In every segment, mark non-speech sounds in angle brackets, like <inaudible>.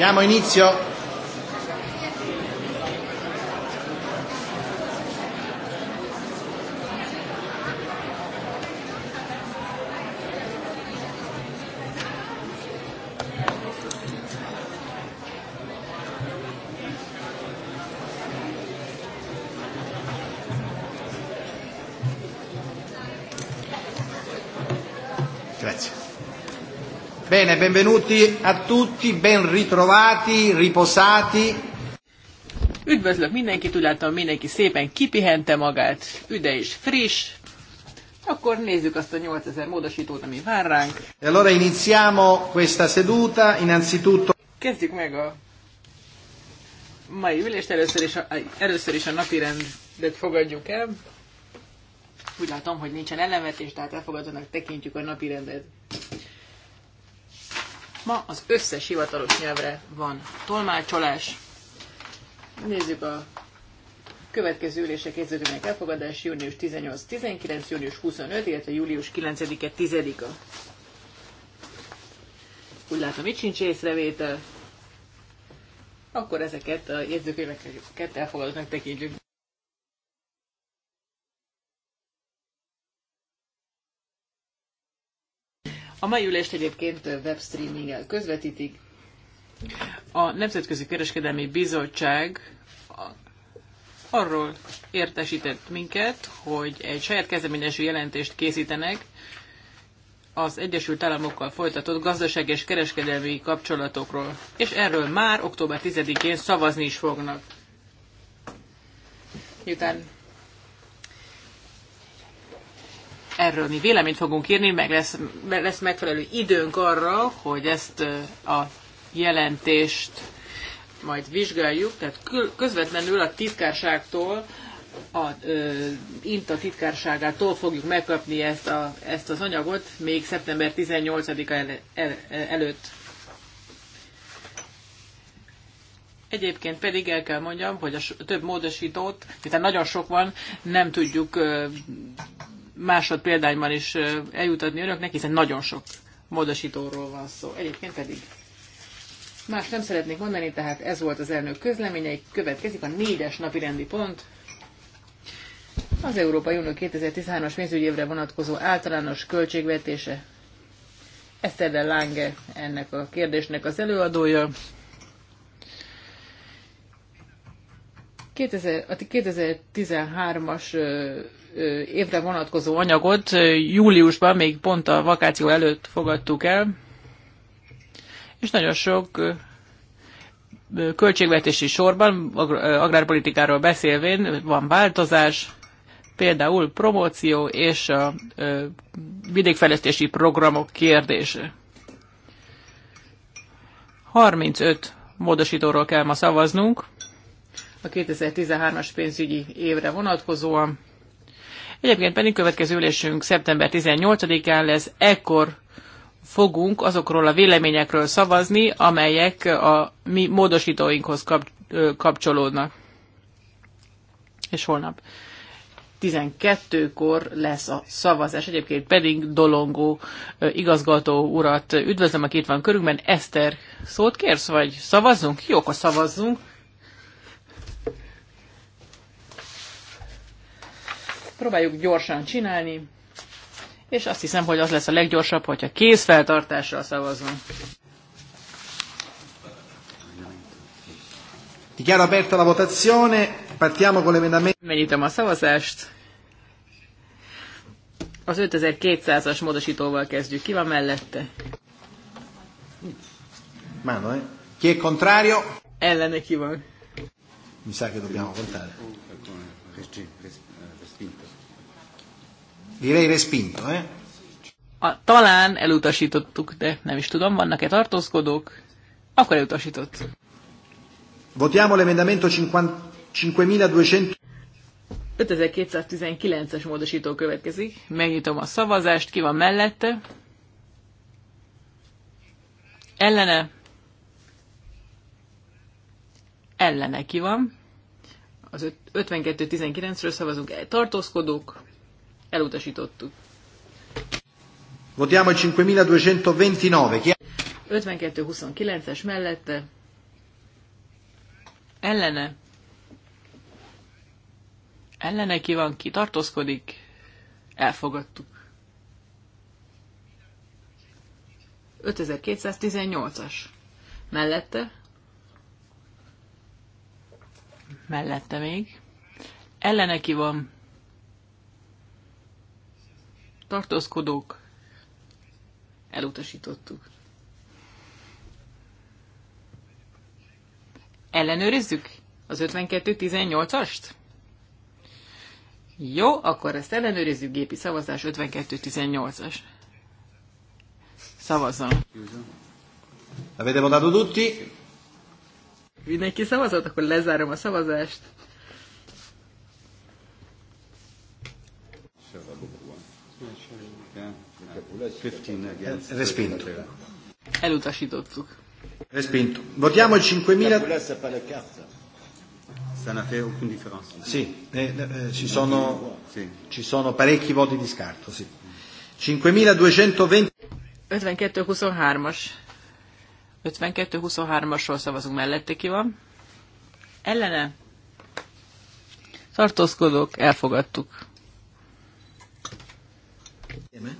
Diamo inizio. Bene, benvenuti a tutti, ben ritrovati, riposati. Üdvözlök mindenkit, úgy látom mindenki szépen kipihente magát, üde és friss. Akkor nézzük azt a 8000 módosítót, ami vár ránk. E allora iniziamo questa seduta, innanzitutto... Kezdjük meg a mai ülést, először is a, először is a napi rendet fogadjuk el. Úgy látom, hogy nincsen ellenvetés, tehát elfogadónak tekintjük a napi rendet. Ma az összes hivatalos nyelvre van tolmácsolás. Nézzük a következő ülések jegyzőkönyvek elfogadás június 18-19, június 25, illetve július 9-e 10-a. Úgy látom, itt sincs észrevétel. Akkor ezeket a jegyzőkönyveket elfogadottnak tekintjük. A mai ülést egyébként webstreaminggel közvetítik. A Nemzetközi Kereskedelmi Bizottság arról értesített minket, hogy egy saját kezdeményező jelentést készítenek az Egyesült Államokkal folytatott gazdaság és kereskedelmi kapcsolatokról, és erről már október 10-én szavazni is fognak. Miután erről mi véleményt fogunk írni, meg lesz, lesz megfelelő időnk arra, hogy ezt a jelentést majd vizsgáljuk, tehát közvetlenül a titkárságtól, a ö, INTA titkárságától fogjuk megkapni ezt, a, ezt az anyagot még szeptember 18-a el, el, előtt. Egyébként pedig el kell mondjam, hogy a több módosítót, miután nagyon sok van, nem tudjuk ö, másod példányban is eljutatni önöknek, hiszen nagyon sok módosítóról van szó. Egyébként pedig más nem szeretnék mondani, tehát ez volt az elnök közleményei. következik a négyes napi rendi pont, az Európai Unió 2013-as évre vonatkozó általános költségvetése. Eszter Lange ennek a kérdésnek az előadója. 2000, a 2013-as évre vonatkozó anyagot júliusban, még pont a vakáció előtt fogadtuk el, és nagyon sok költségvetési sorban, agrárpolitikáról beszélvén van változás, például promóció és a vidékfejlesztési programok kérdése. 35 módosítóról kell ma szavaznunk a 2013-as pénzügyi évre vonatkozóan. Egyébként pedig következő ülésünk szeptember 18-án lesz, ekkor fogunk azokról a véleményekről szavazni, amelyek a mi módosítóinkhoz kapcsolódnak. És holnap 12-kor lesz a szavazás. Egyébként pedig Dolongó igazgató urat üdvözlöm, aki itt van körünkben. Eszter, szót kérsz, vagy szavazzunk? Jó, akkor szavazzunk. Próbáljuk gyorsan csinálni, és azt hiszem, hogy az lesz a leggyorsabb, hogyha kézfeltartással szavazunk. Dichiaro aperta la votazione, partiamo con l'emendamento. Megnyitom a szavazást. Az 5200-as módosítóval kezdjük. Ki van mellette? Mano, eh? Chi è contrario? Ellene ki van? Mi sa che dobbiamo contare. Direi respinto, eh? A, talán elutasítottuk, de nem is tudom, vannak-e tartózkodók? Akkor elutasított. Votiamo l'emendamento 5200... 5219-es módosító következik. Megnyitom a szavazást, ki van mellette. Ellene. Ellene ki van. Az 5219 ről szavazunk. Tartózkodók. Elutasítottuk. Votiamo 5229. 52-29-es mellette. Ellene. Ellene ki van, ki tartózkodik. Elfogadtuk. 5218-as. Mellette. Mellette még. Ellene ki van, tartózkodók, elutasítottuk. Ellenőrizzük az 5218 18 ast Jó, akkor ezt ellenőrizzük, gépi szavazás 5218 18 as Szavazzon. Avete votato tutti? Mindenki szavazott, akkor lezárom a szavazást. Respinto. Elutasítottuk. Respinto. Votiamo il 5000. Ça n'a fait aucune différence. Sì, eh, eh, ci, sono, sì. ci sono parecchi voti di scarto, sì. 5220. 52-23-as. 52-23-asról szavazunk mellette, ki van? Ellene? Tartózkodok, elfogadtuk. Amen.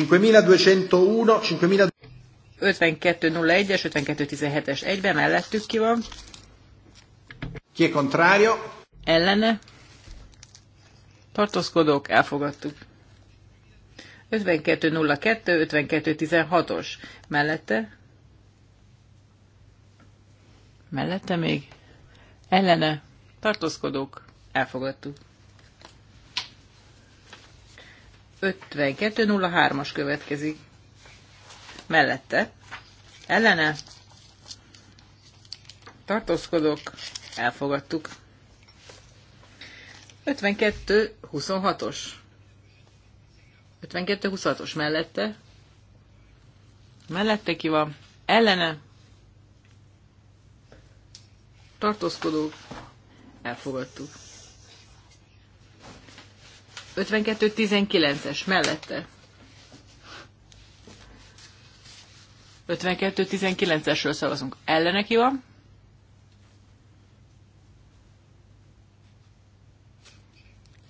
5201, 5201... es 5217-es egyben mellettük ki van. Ki contrario? Ellene. Tartózkodók, elfogadtuk. 5202, 5216-os. Mellette? Mellette még? Ellene. Tartózkodók, elfogadtuk. 5203-as következik. Mellette. Ellene. Tartózkodok. Elfogadtuk. 5226 os 52-26-os mellette. Mellette ki van. Ellene. Tartózkodók. Elfogadtuk. 52-19-es mellette. 52-19-esről szavazunk. Ellenek jó? van?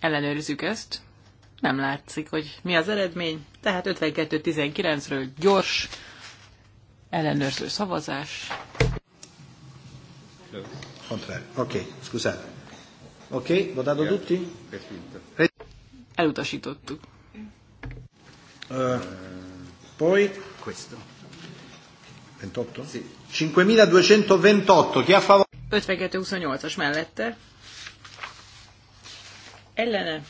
Ellenőrizzük ezt. Nem látszik, hogy mi az eredmény. Tehát 52-19-ről gyors ellenőrző szavazás. Contrario. Ok, scusate. Ok, votato tutti? elutasítottuk. Uh, poi questo 28? Sì. 5228, chi a favore? 5228-as mellette. Ellene.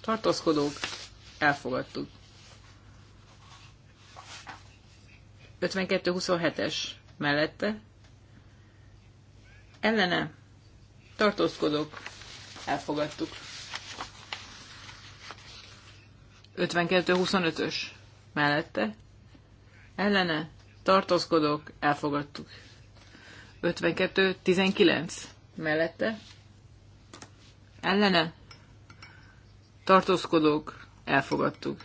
Tartózkodók. Elfogadtuk. 5227-es mellette. Ellene. Tartózkodók. Elfogadtuk. 52-25-ös mellette. Ellene tartózkodok, elfogadtuk. 52-19 mellette. Ellene tartózkodok, elfogadtuk.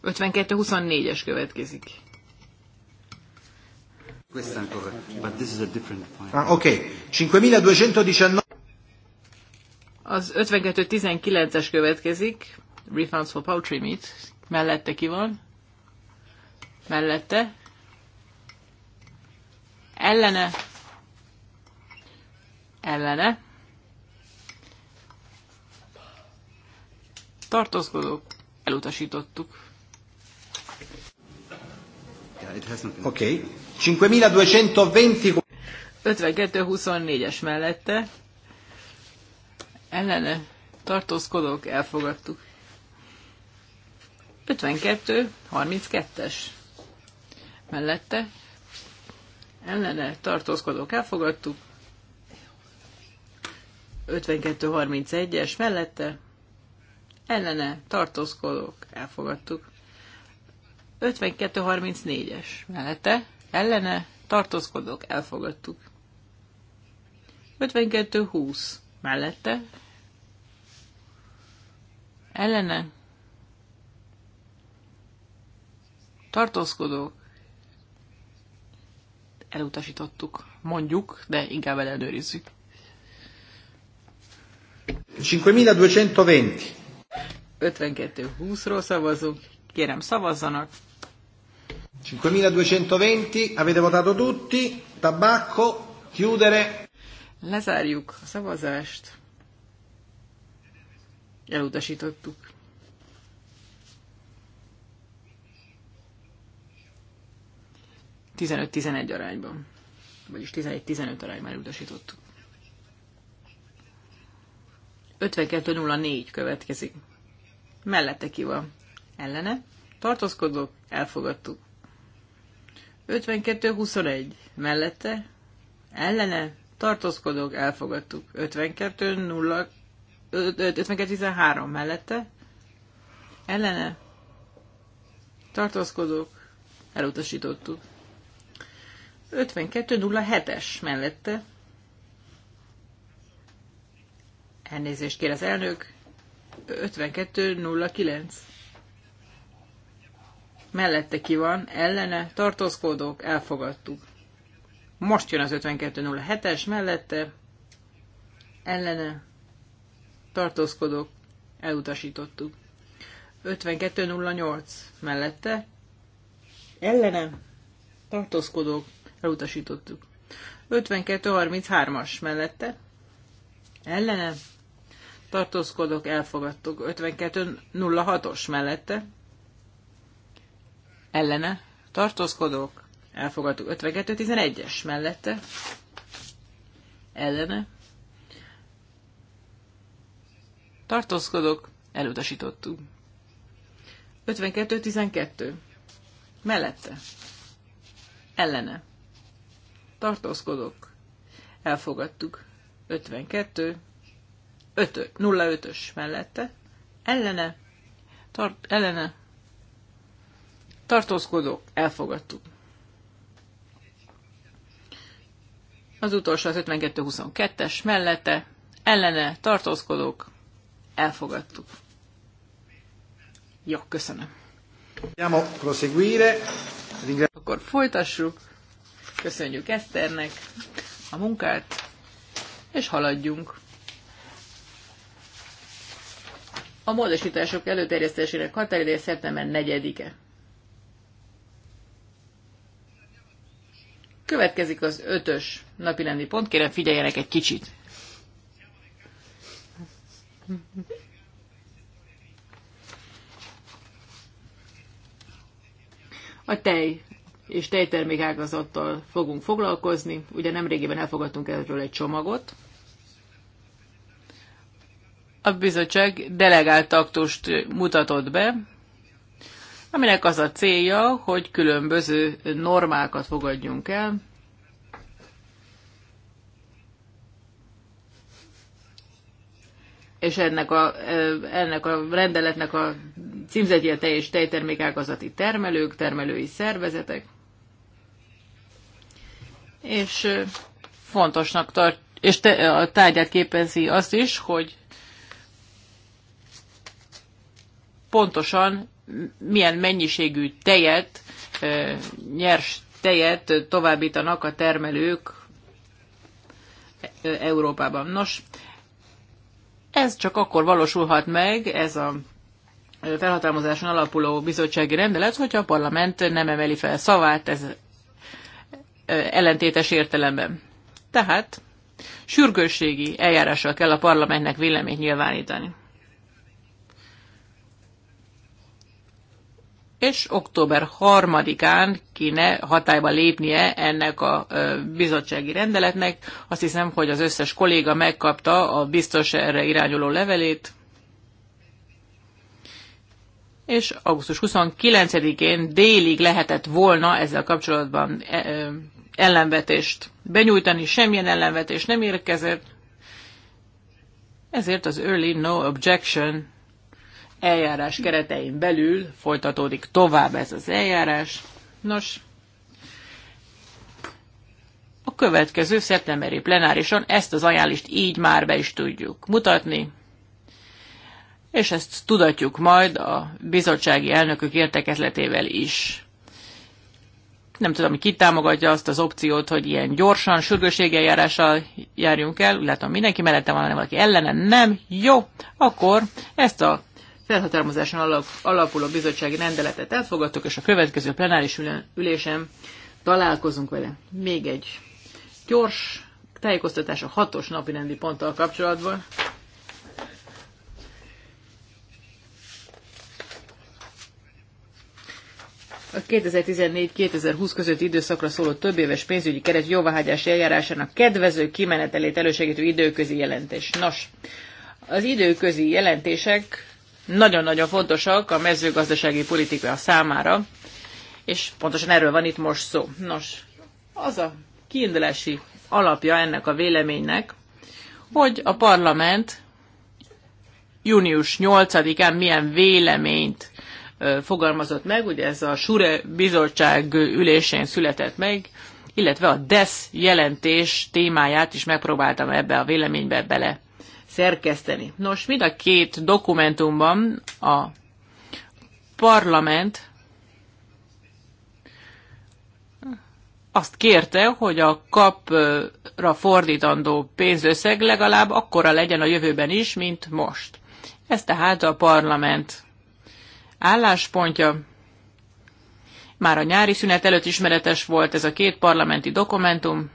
Ötvenkettő huszonnégyes következik. Questa ancora, but this is a different point. Ah, ok, 5219. Az 5219-es következik, Refunds for Poultry Meat, mellette ki van, mellette, ellene, ellene, tartózkodók, elutasítottuk. Yeah, Oké. Okay. 5220. es mellette ellene tartózkodók elfogadtuk. 52-32-es mellette ellene tartózkodók elfogadtuk. 52 es mellette ellene tartózkodók elfogadtuk. 52-34-es mellette ellene tartózkodók elfogadtuk. 52-20 mellette ellene tartózkodók elutasítottuk, mondjuk, de inkább ellenőrizzük. 5220. 52-20-ról szavazunk. Kérem, szavazzanak. 5220, avete votato tutti, tabacco, chiudere. Lezárjuk a szavazást. Elutasítottuk. Tizenöt-tizenegy arányban. Vagyis 11-15 arányban elutasítottuk. 52.04 következik. Mellette ki van? Ellene? Tartózkodók? Elfogadtuk. 52-21 mellette, ellene, Tartózkodok, elfogadtuk. 52-0, 52-13 mellette, ellene, Tartózkodok, elutasítottuk. 52-07-es mellette, elnézést kér az elnök, 52-09 mellette ki van, ellene, tartózkodók, elfogadtuk. Most jön az 5207-es, mellette, ellene, tartózkodók, elutasítottuk. 5208 mellette, ellene, tartózkodók, elutasítottuk. 5233-as mellette, ellene, tartózkodók, elfogadtuk. 5206-os mellette, ellene tartózkodók, elfogadtuk 52-11-es mellette, ellene tartózkodók, elutasítottuk. 52-12 mellette, ellene tartózkodók, elfogadtuk. 52 05-ös mellette, ellene, tart, ellene tartózkodók, elfogadtuk. Az utolsó az 52-22-es, mellette, ellene, tartózkodók, elfogadtuk. Jó, köszönöm. proseguire. Akkor folytassuk. Köszönjük Eszternek a munkát, és haladjunk. A módosítások előterjesztésének határideje szeptember 4-e. Következik az ötös rendi pont, kérem figyeljenek egy kicsit. A tej és ágazattal fogunk foglalkozni. Ugye nemrégiben elfogadtunk erről egy csomagot. A bizottság delegált aktust mutatott be, aminek az a célja, hogy különböző normákat fogadjunk el, és ennek a, ennek a rendeletnek a címzeti a és tejtermékágazati termelők, termelői szervezetek. És fontosnak tart, és te, a tárgyát képezi azt is, hogy pontosan milyen mennyiségű tejet, nyers tejet továbbítanak a termelők Európában. Nos, ez csak akkor valósulhat meg, ez a felhatalmazáson alapuló bizottsági rendelet, hogyha a parlament nem emeli fel szavát ez ellentétes értelemben. Tehát sürgősségi eljárással kell a parlamentnek véleményt nyilvánítani. és október 3-án kéne hatályba lépnie ennek a bizottsági rendeletnek. Azt hiszem, hogy az összes kolléga megkapta a biztos erre irányuló levelét, és augusztus 29-én délig lehetett volna ezzel kapcsolatban e, ellenvetést benyújtani, semmilyen ellenvetés nem érkezett, ezért az Early No Objection eljárás keretein belül folytatódik tovább ez az eljárás. Nos, a következő szeptemberi plenárison ezt az ajánlást így már be is tudjuk mutatni, és ezt tudatjuk majd a bizottsági elnökök értekezletével is. Nem tudom, ki támogatja azt az opciót, hogy ilyen gyorsan, sürgősségeljárással járjunk el, illetve mindenki mellette van, hanem valaki ellene nem. Jó, akkor ezt a felhatalmazáson alapuló bizottsági rendeletet elfogadtuk, és a következő plenáris ülésen találkozunk vele. Még egy gyors tájékoztatás a hatos napi rendi ponttal kapcsolatban. A 2014-2020 közötti időszakra szóló több éves pénzügyi keret jóváhagyás eljárásának kedvező kimenetelét elősegítő időközi jelentés. Nos, az időközi jelentések nagyon-nagyon fontosak a mezőgazdasági politika számára, és pontosan erről van itt most szó. Nos, az a kiindulási alapja ennek a véleménynek, hogy a parlament június 8-án milyen véleményt fogalmazott meg, ugye ez a Sure bizottság ülésén született meg, illetve a DESZ jelentés témáját is megpróbáltam ebbe a véleménybe bele szerkeszteni. Nos, mind a két dokumentumban a parlament azt kérte, hogy a kapra fordítandó pénzösszeg legalább akkora legyen a jövőben is, mint most. Ez tehát a parlament álláspontja. Már a nyári szünet előtt ismeretes volt ez a két parlamenti dokumentum.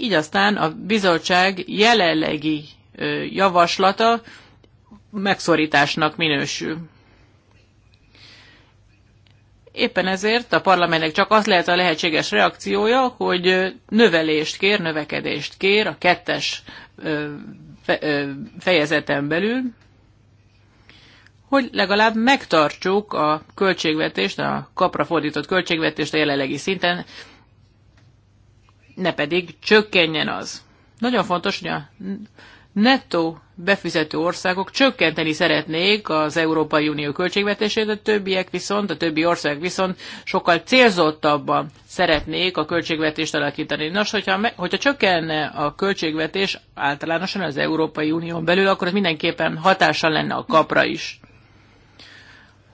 Így aztán a bizottság jelenlegi javaslata megszorításnak minősül. Éppen ezért a parlamentnek csak az lehet a lehetséges reakciója, hogy növelést kér, növekedést kér a kettes fejezeten belül, hogy legalább megtartsuk a költségvetést, a kapra fordított költségvetést a jelenlegi szinten, ne pedig csökkenjen az. Nagyon fontos, hogy a nettó befizető országok csökkenteni szeretnék az Európai Unió költségvetését, a többiek viszont, a többi ország viszont sokkal célzottabban szeretnék a költségvetést alakítani. Nos, hogyha, hogyha csökkenne a költségvetés általánosan az Európai Unión belül, akkor ez mindenképpen hatással lenne a kapra is.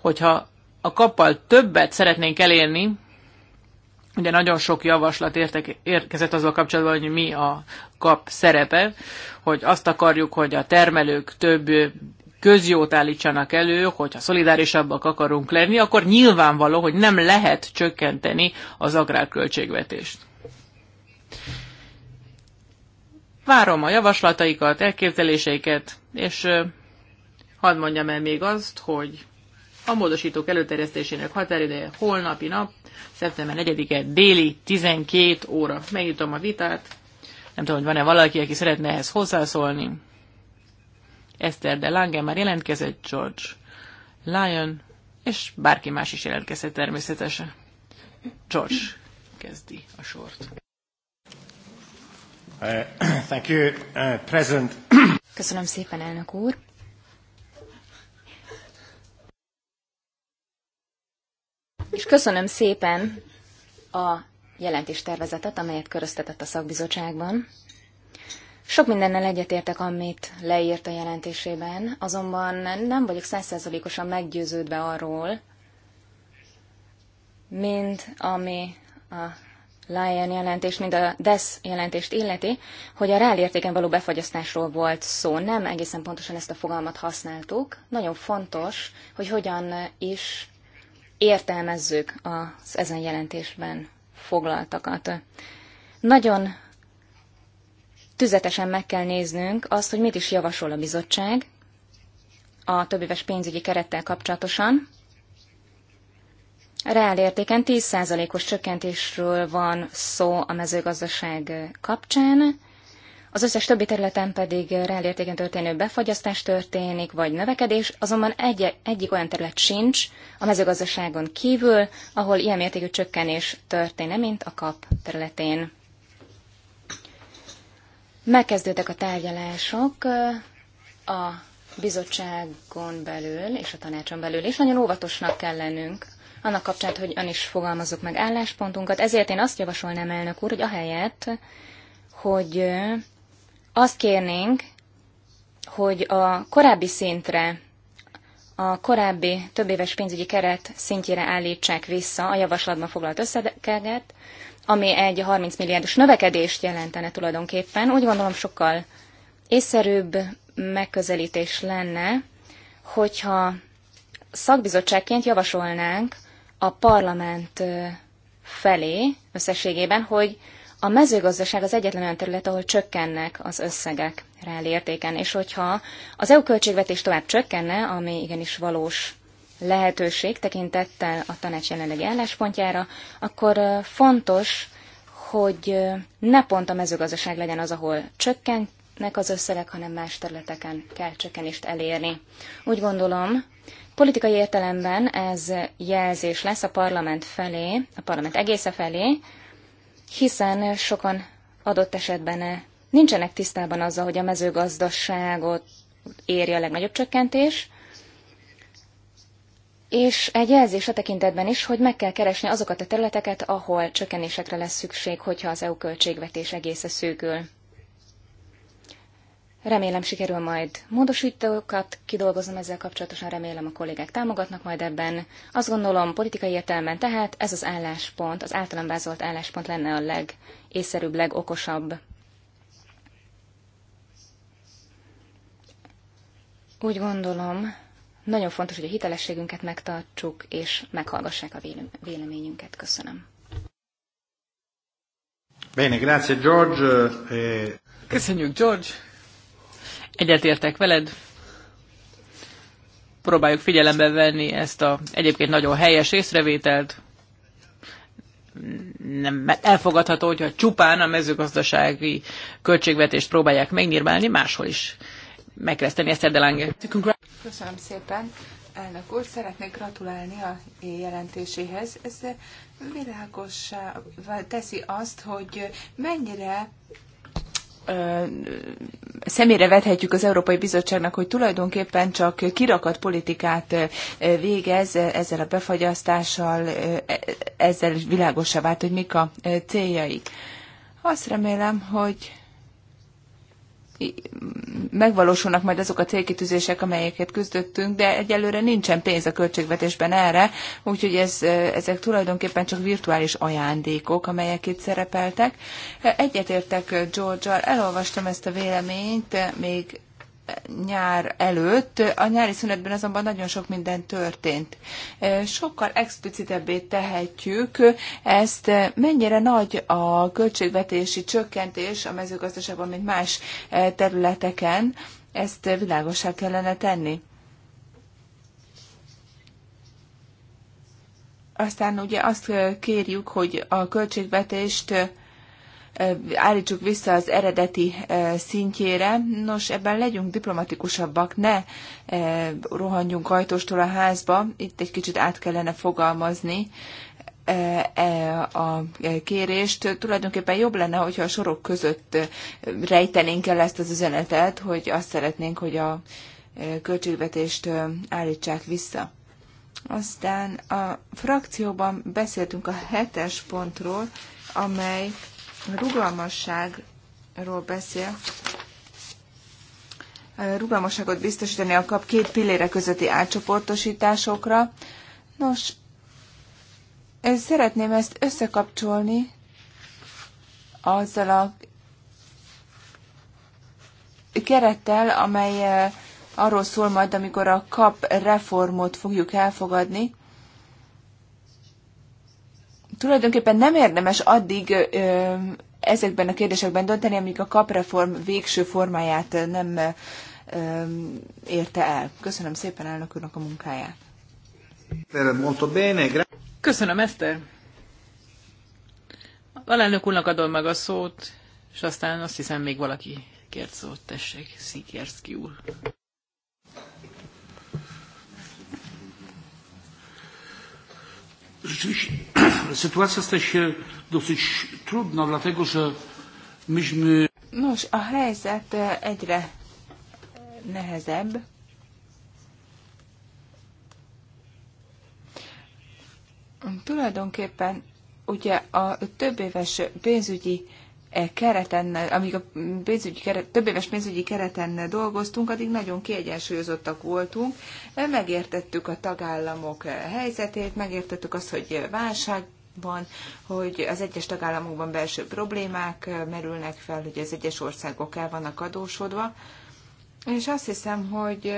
Hogyha a kappal többet szeretnénk elérni, Ugye nagyon sok javaslat értek, érkezett azzal kapcsolatban, hogy mi a kap szerepe, hogy azt akarjuk, hogy a termelők több közjót állítsanak elő, hogyha szolidárisabbak akarunk lenni, akkor nyilvánvaló, hogy nem lehet csökkenteni az agrárköltségvetést. Várom a javaslataikat, elképzeléseiket, és hadd mondjam el még azt, hogy a módosítók előterjesztésének határideje holnapi nap szeptember 4-e déli 12 óra. Megnyitom a vitát. Nem tudom, hogy van-e valaki, aki szeretne ehhez hozzászólni. Eszter de Lange már jelentkezett, George Lyon, és bárki más is jelentkezett természetesen. George kezdi a sort. Uh, <clears throat> thank you, uh, President. Köszönöm szépen, elnök úr. És köszönöm szépen a jelentéstervezetet, amelyet köröztetett a szakbizottságban. Sok mindennel egyetértek, amit leírt a jelentésében, azonban nem vagyok százszerzalékosan meggyőződve arról, mint ami a Lion jelentést, mint a DESZ jelentést illeti, hogy a reálértéken való befagyasztásról volt szó. Nem egészen pontosan ezt a fogalmat használtuk. Nagyon fontos, hogy hogyan is értelmezzük az ezen jelentésben foglaltakat. Nagyon tüzetesen meg kell néznünk azt, hogy mit is javasol a bizottság a többéves pénzügyi kerettel kapcsolatosan. értéken 10%-os csökkentésről van szó a mezőgazdaság kapcsán, az összes többi területen pedig reálértéken történő befagyasztás történik, vagy növekedés, azonban egy, egyik olyan terület sincs a mezőgazdaságon kívül, ahol ilyen mértékű csökkenés történne, mint a kap területén. Megkezdődtek a tárgyalások a bizottságon belül és a tanácson belül, és nagyon óvatosnak kell lennünk annak kapcsán, hogy ön is fogalmazzuk meg álláspontunkat. Ezért én azt javasolnám elnök úr, hogy ahelyett, hogy azt kérnénk, hogy a korábbi szintre, a korábbi többéves pénzügyi keret szintjére állítsák vissza a javaslatban foglalt összegeket, ami egy 30 milliárdos növekedést jelentene tulajdonképpen. Úgy gondolom sokkal észszerűbb megközelítés lenne, hogyha szakbizottságként javasolnánk a parlament felé összességében, hogy a mezőgazdaság az egyetlen olyan terület, ahol csökkennek az összegek értéken, és hogyha az EU költségvetés tovább csökkenne, ami igenis valós lehetőség tekintettel a tanács jelenlegi álláspontjára, akkor fontos, hogy ne pont a mezőgazdaság legyen az, ahol csökkennek az összegek, hanem más területeken kell csökkenést elérni. Úgy gondolom, politikai értelemben ez jelzés lesz a parlament felé, a parlament egésze felé, hiszen sokan adott esetben eh, nincsenek tisztában azzal, hogy a mezőgazdaságot éri a legnagyobb csökkentés, és egy jelzés a tekintetben is, hogy meg kell keresni azokat a területeket, ahol csökkenésekre lesz szükség, hogyha az EU költségvetés egészen szűkül. Remélem sikerül majd módosítókat kidolgozom ezzel kapcsolatosan, remélem a kollégák támogatnak majd ebben. Azt gondolom, politikai értelemben tehát ez az álláspont, az általam vázolt álláspont lenne a legészszerűbb, legokosabb. Úgy gondolom, nagyon fontos, hogy a hitelességünket megtartsuk, és meghallgassák a véleményünket. Köszönöm. Bene, grazie George. E- Köszönjük George. Egyetértek veled. Próbáljuk figyelembe venni ezt a egyébként nagyon helyes észrevételt. Nem elfogadható, hogyha csupán a mezőgazdasági költségvetést próbálják megnyírválni, máshol is meg kell tenni ezt a Köszönöm szépen. Elnök úr, szeretnék gratulálni a jelentéséhez. Ez világos teszi azt, hogy mennyire személyre vethetjük az Európai Bizottságnak, hogy tulajdonképpen csak kirakat politikát végez ezzel a befagyasztással, e, ezzel világosabb vált, hogy mik a céljaik. Azt remélem, hogy megvalósulnak majd azok a célkitűzések, amelyeket küzdöttünk, de egyelőre nincsen pénz a költségvetésben erre, úgyhogy ez, ezek tulajdonképpen csak virtuális ajándékok, amelyek itt szerepeltek. Egyetértek George-al, elolvastam ezt a véleményt, még nyár előtt. A nyári szünetben azonban nagyon sok minden történt. Sokkal explicitebbé tehetjük ezt, mennyire nagy a költségvetési csökkentés a mezőgazdaságban, mint más területeken. Ezt világosá kellene tenni. Aztán ugye azt kérjük, hogy a költségvetést állítsuk vissza az eredeti szintjére. Nos, ebben legyünk diplomatikusabbak, ne rohanjunk ajtóstól a házba, itt egy kicsit át kellene fogalmazni e, a kérést. Tulajdonképpen jobb lenne, hogyha a sorok között rejtenénk el ezt az üzenetet, hogy azt szeretnénk, hogy a költségvetést állítsák vissza. Aztán a frakcióban beszéltünk a hetes pontról, amely rugalmasságról beszél, rugalmasságot biztosítani a kap két pillére közötti átcsoportosításokra. Nos, szeretném ezt összekapcsolni azzal a kerettel, amely eh, arról szól majd, amikor a kap reformot fogjuk elfogadni tulajdonképpen nem érdemes addig ezekben a kérdésekben dönteni, amíg a kapreform végső formáját nem érte el. Köszönöm szépen elnök úrnak a munkáját. Köszönöm, Eszter. Alelnök úrnak adom meg a szót, és aztán azt hiszem még valaki kért szót, tessék, Szikerszki úr. Rzeczywiście <clears throat> sytuacja staje się dosyć trudna, dlatego że myśmy... Nos, a helyzet e, egyre nehezebb. Tulajdonképpen ugye a több éves pénzügyi E kereten, amíg a pénzügyi keret, több éves pénzügyi kereten dolgoztunk, addig nagyon kiegyensúlyozottak voltunk, megértettük a tagállamok helyzetét, megértettük azt, hogy válság van, hogy az egyes tagállamokban belső problémák merülnek fel, hogy az egyes országok el vannak adósodva, és azt hiszem, hogy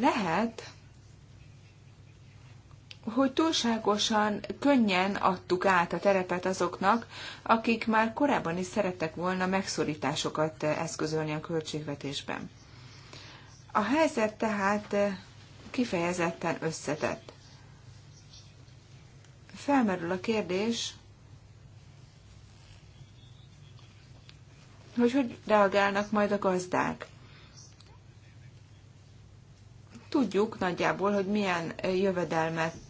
lehet, hogy túlságosan könnyen adtuk át a terepet azoknak, akik már korábban is szerettek volna megszorításokat eszközölni a költségvetésben. A helyzet tehát kifejezetten összetett. Felmerül a kérdés, hogy hogy reagálnak majd a gazdák tudjuk nagyjából, hogy milyen eh,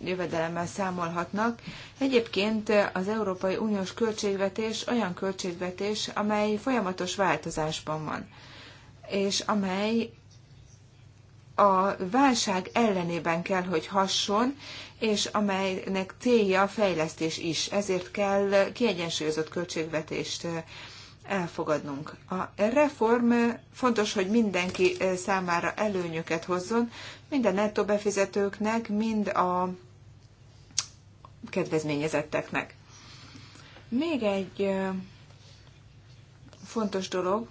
jövedelemmel számolhatnak. Egyébként eh, az Európai Uniós költségvetés olyan költségvetés, amely folyamatos változásban van, és amely a válság ellenében kell, hogy hasson, és amelynek célja a fejlesztés is. Ezért kell kiegyensúlyozott költségvetést eh, elfogadnunk. A reform fontos, hogy mindenki számára előnyöket hozzon, mind a nettó befizetőknek, mind a kedvezményezetteknek. Még egy fontos dolog,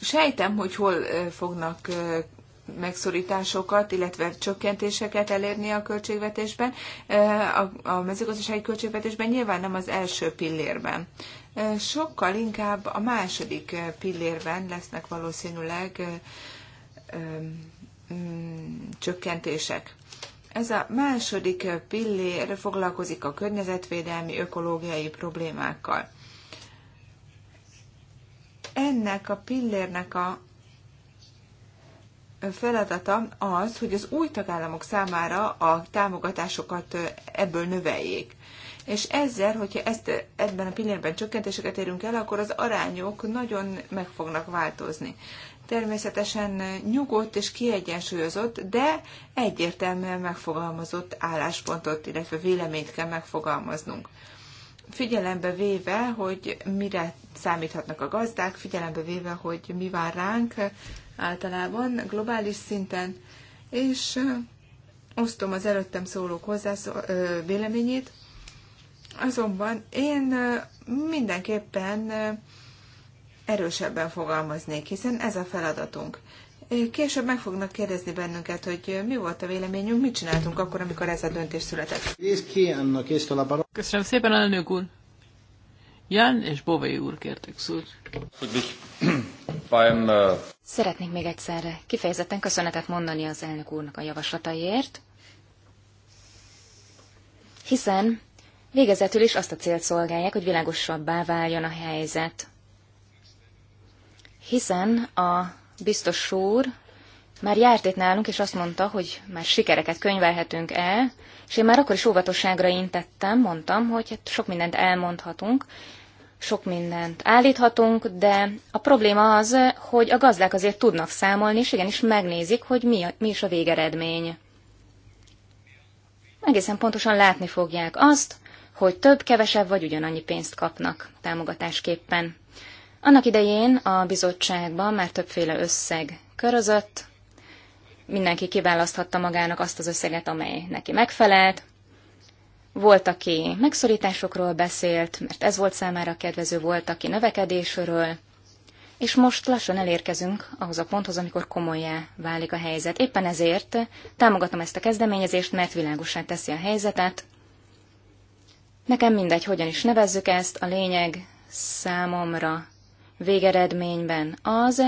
sejtem, hogy hol fognak megszorításokat, illetve csökkentéseket elérni a költségvetésben, a mezőgazdasági költségvetésben nyilván nem az első pillérben. Sokkal inkább a második pillérben lesznek valószínűleg mm, csökkentések. Ez a második pillér foglalkozik a környezetvédelmi, ökológiai problémákkal. Ennek a pillérnek a feladata az, hogy az új tagállamok számára a támogatásokat ebből növeljék. És ezzel, hogyha ezt ebben a pillanatban csökkentéseket érünk el, akkor az arányok nagyon meg fognak változni. Természetesen nyugodt és kiegyensúlyozott, de egyértelműen megfogalmazott álláspontot, illetve véleményt kell megfogalmaznunk. Figyelembe véve, hogy mire számíthatnak a gazdák, figyelembe véve, hogy mi vár ránk, általában, globális szinten, és osztom az előttem szólók hozzászó, véleményét, azonban én mindenképpen erősebben fogalmaznék, hiszen ez a feladatunk. Később meg fognak kérdezni bennünket, hogy mi volt a véleményünk, mit csináltunk akkor, amikor ez a döntés született. Köszönöm szépen, elnök úr! Jan és Bové úr kértek szót. Szeretnék még egyszerre kifejezetten köszönetet mondani az elnök úrnak a javaslataiért, hiszen végezetül is azt a célt szolgálják, hogy világosabbá váljon a helyzet. Hiszen a biztos úr már járt itt nálunk, és azt mondta, hogy már sikereket könyvelhetünk el, és én már akkor is óvatosságra intettem, mondtam, hogy hát sok mindent elmondhatunk, sok mindent állíthatunk, de a probléma az, hogy a gazdák azért tudnak számolni, és igenis megnézik, hogy mi, a, mi is a végeredmény. Egészen pontosan látni fogják azt, hogy több, kevesebb vagy ugyanannyi pénzt kapnak támogatásképpen. Annak idején a bizottságban már többféle összeg körözött, mindenki kiválaszthatta magának azt az összeget, amely neki megfelelt. Volt, aki megszorításokról beszélt, mert ez volt számára kedvező, volt, aki növekedésről, és most lassan elérkezünk ahhoz a ponthoz, amikor komolyá válik a helyzet. Éppen ezért támogatom ezt a kezdeményezést, mert világosá teszi a helyzetet. Nekem mindegy, hogyan is nevezzük ezt, a lényeg számomra végeredményben az,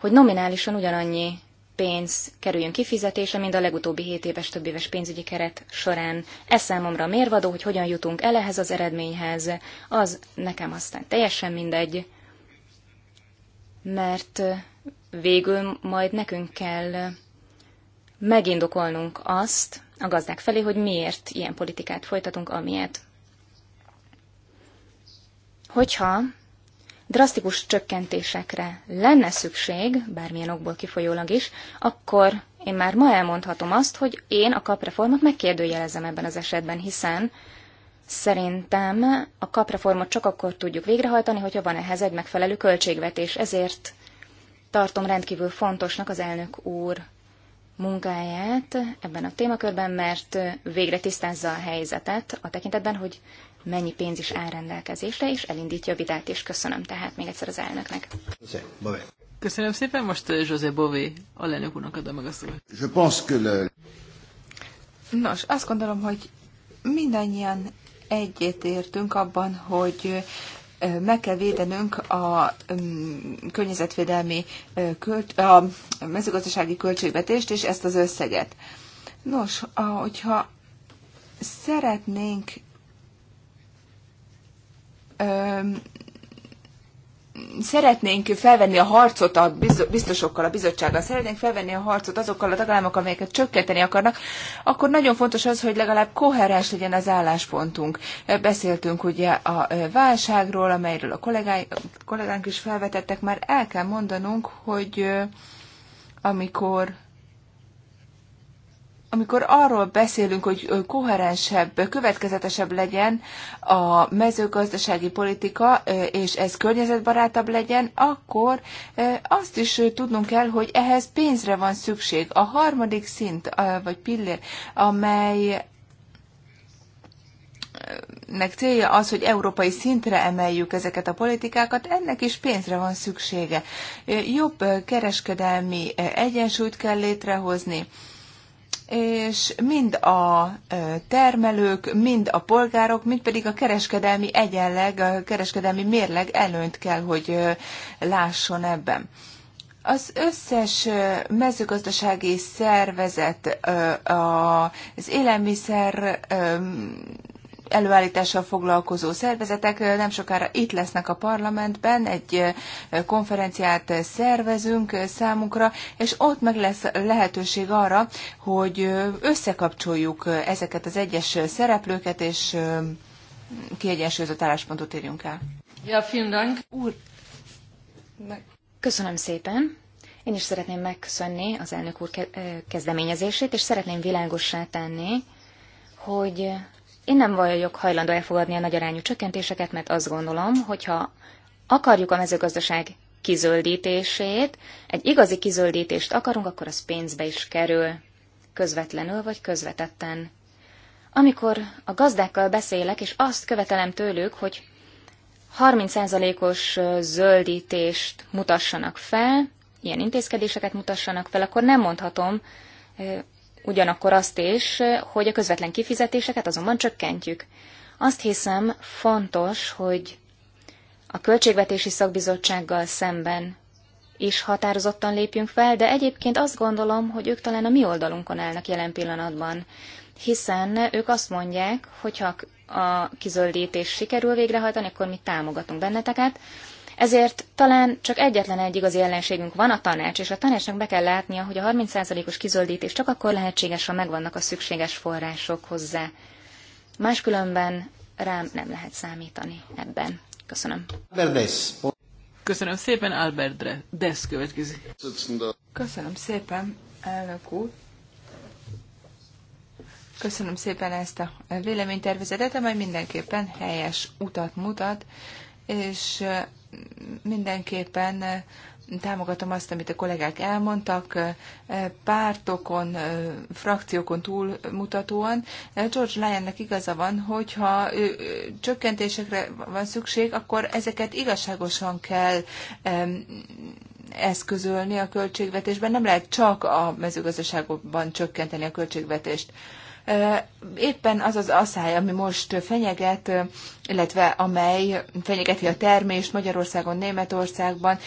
hogy nominálisan ugyanannyi pénz kerüljön kifizetésre, mind a legutóbbi 7 éves több éves pénzügyi keret során. Ez számomra mérvadó, hogy hogyan jutunk el ehhez az eredményhez, az nekem aztán teljesen mindegy, mert végül majd nekünk kell megindokolnunk azt a gazdák felé, hogy miért ilyen politikát folytatunk, amilyet. Hogyha drasztikus csökkentésekre lenne szükség, bármilyen okból kifolyólag is, akkor én már ma elmondhatom azt, hogy én a kapreformot megkérdőjelezem ebben az esetben, hiszen szerintem a kapreformot csak akkor tudjuk végrehajtani, hogyha van ehhez egy megfelelő költségvetés. Ezért tartom rendkívül fontosnak az elnök úr munkáját ebben a témakörben, mert végre tisztázza a helyzetet a tekintetben, hogy mennyi pénz is áll rendelkezésre, és elindítja a vitát, és köszönöm tehát még egyszer az elnöknek. Köszönöm szépen, most eh, José Bové, alelnök úrnak adom meg a szót. Nos, azt gondolom, hogy mindannyian egyetértünk abban, hogy eh, meg kell védenünk a mm, környezetvédelmi, eh, a mezőgazdasági költségvetést és ezt az összeget. Nos, hogyha szeretnénk szeretnénk felvenni a harcot a biztosokkal, a bizottsággal, szeretnénk felvenni a harcot azokkal a tagállamokkal, amelyeket csökkenteni akarnak, akkor nagyon fontos az, hogy legalább koherens legyen az álláspontunk. Beszéltünk ugye a válságról, amelyről a kollégánk is felvetettek, már el kell mondanunk, hogy amikor amikor arról beszélünk, hogy koherensebb, következetesebb legyen a mezőgazdasági politika, és ez környezetbarátabb legyen, akkor azt is tudnunk kell, hogy ehhez pénzre van szükség. A harmadik szint, vagy pillér, amely nek célja az, hogy európai szintre emeljük ezeket a politikákat, ennek is pénzre van szüksége. Jobb kereskedelmi egyensúlyt kell létrehozni és mind a termelők, mind a polgárok, mind pedig a kereskedelmi egyenleg, a kereskedelmi mérleg előnyt kell, hogy lásson ebben. Az összes mezőgazdasági szervezet, az élelmiszer előállítással foglalkozó szervezetek nem sokára itt lesznek a parlamentben, egy konferenciát szervezünk számukra, és ott meg lesz lehetőség arra, hogy összekapcsoljuk ezeket az egyes szereplőket, és kiegyensúlyozott álláspontot érjünk el. Ja, vielen Dank. Úr, Köszönöm szépen. Én is szeretném megköszönni az elnök úr kezdeményezését, és szeretném világossá tenni, hogy én nem vagyok hajlandó elfogadni a nagyarányú csökkentéseket, mert azt gondolom, hogyha akarjuk a mezőgazdaság kizöldítését, egy igazi kizöldítést akarunk, akkor az pénzbe is kerül, közvetlenül vagy közvetetten. Amikor a gazdákkal beszélek, és azt követelem tőlük, hogy 30%-os zöldítést mutassanak fel, ilyen intézkedéseket mutassanak fel, akkor nem mondhatom ugyanakkor azt is, hogy a közvetlen kifizetéseket azonban csökkentjük. Azt hiszem fontos, hogy a Költségvetési Szakbizottsággal szemben is határozottan lépjünk fel, de egyébként azt gondolom, hogy ők talán a mi oldalunkon állnak jelen pillanatban, hiszen ők azt mondják, hogyha a kizöldítés sikerül végrehajtani, akkor mi támogatunk benneteket, ezért talán csak egyetlen egy igazi ellenségünk van, a tanács, és a tanácsnak be kell látnia, hogy a 30%-os kizöldítés csak akkor lehetséges, ha megvannak a szükséges források hozzá. Máskülönben rám nem lehet számítani ebben. Köszönöm. Köszönöm szépen, Albert Desz következik. Köszönöm szépen, elnök úr. Köszönöm szépen ezt a véleménytervezetet, amely mindenképpen helyes utat mutat, és mindenképpen eh, támogatom azt, amit a kollégák elmondtak, eh, pártokon, eh, frakciókon túlmutatóan. George Lyonnek igaza van, hogyha csökkentésekre van szükség, akkor ezeket igazságosan kell eszközölni a költségvetésben. Nem lehet csak a mezőgazdaságokban csökkenteni a költségvetést. Éppen az az asszály, ami most fenyeget, illetve amely fenyegeti a termést Magyarországon, Németországban,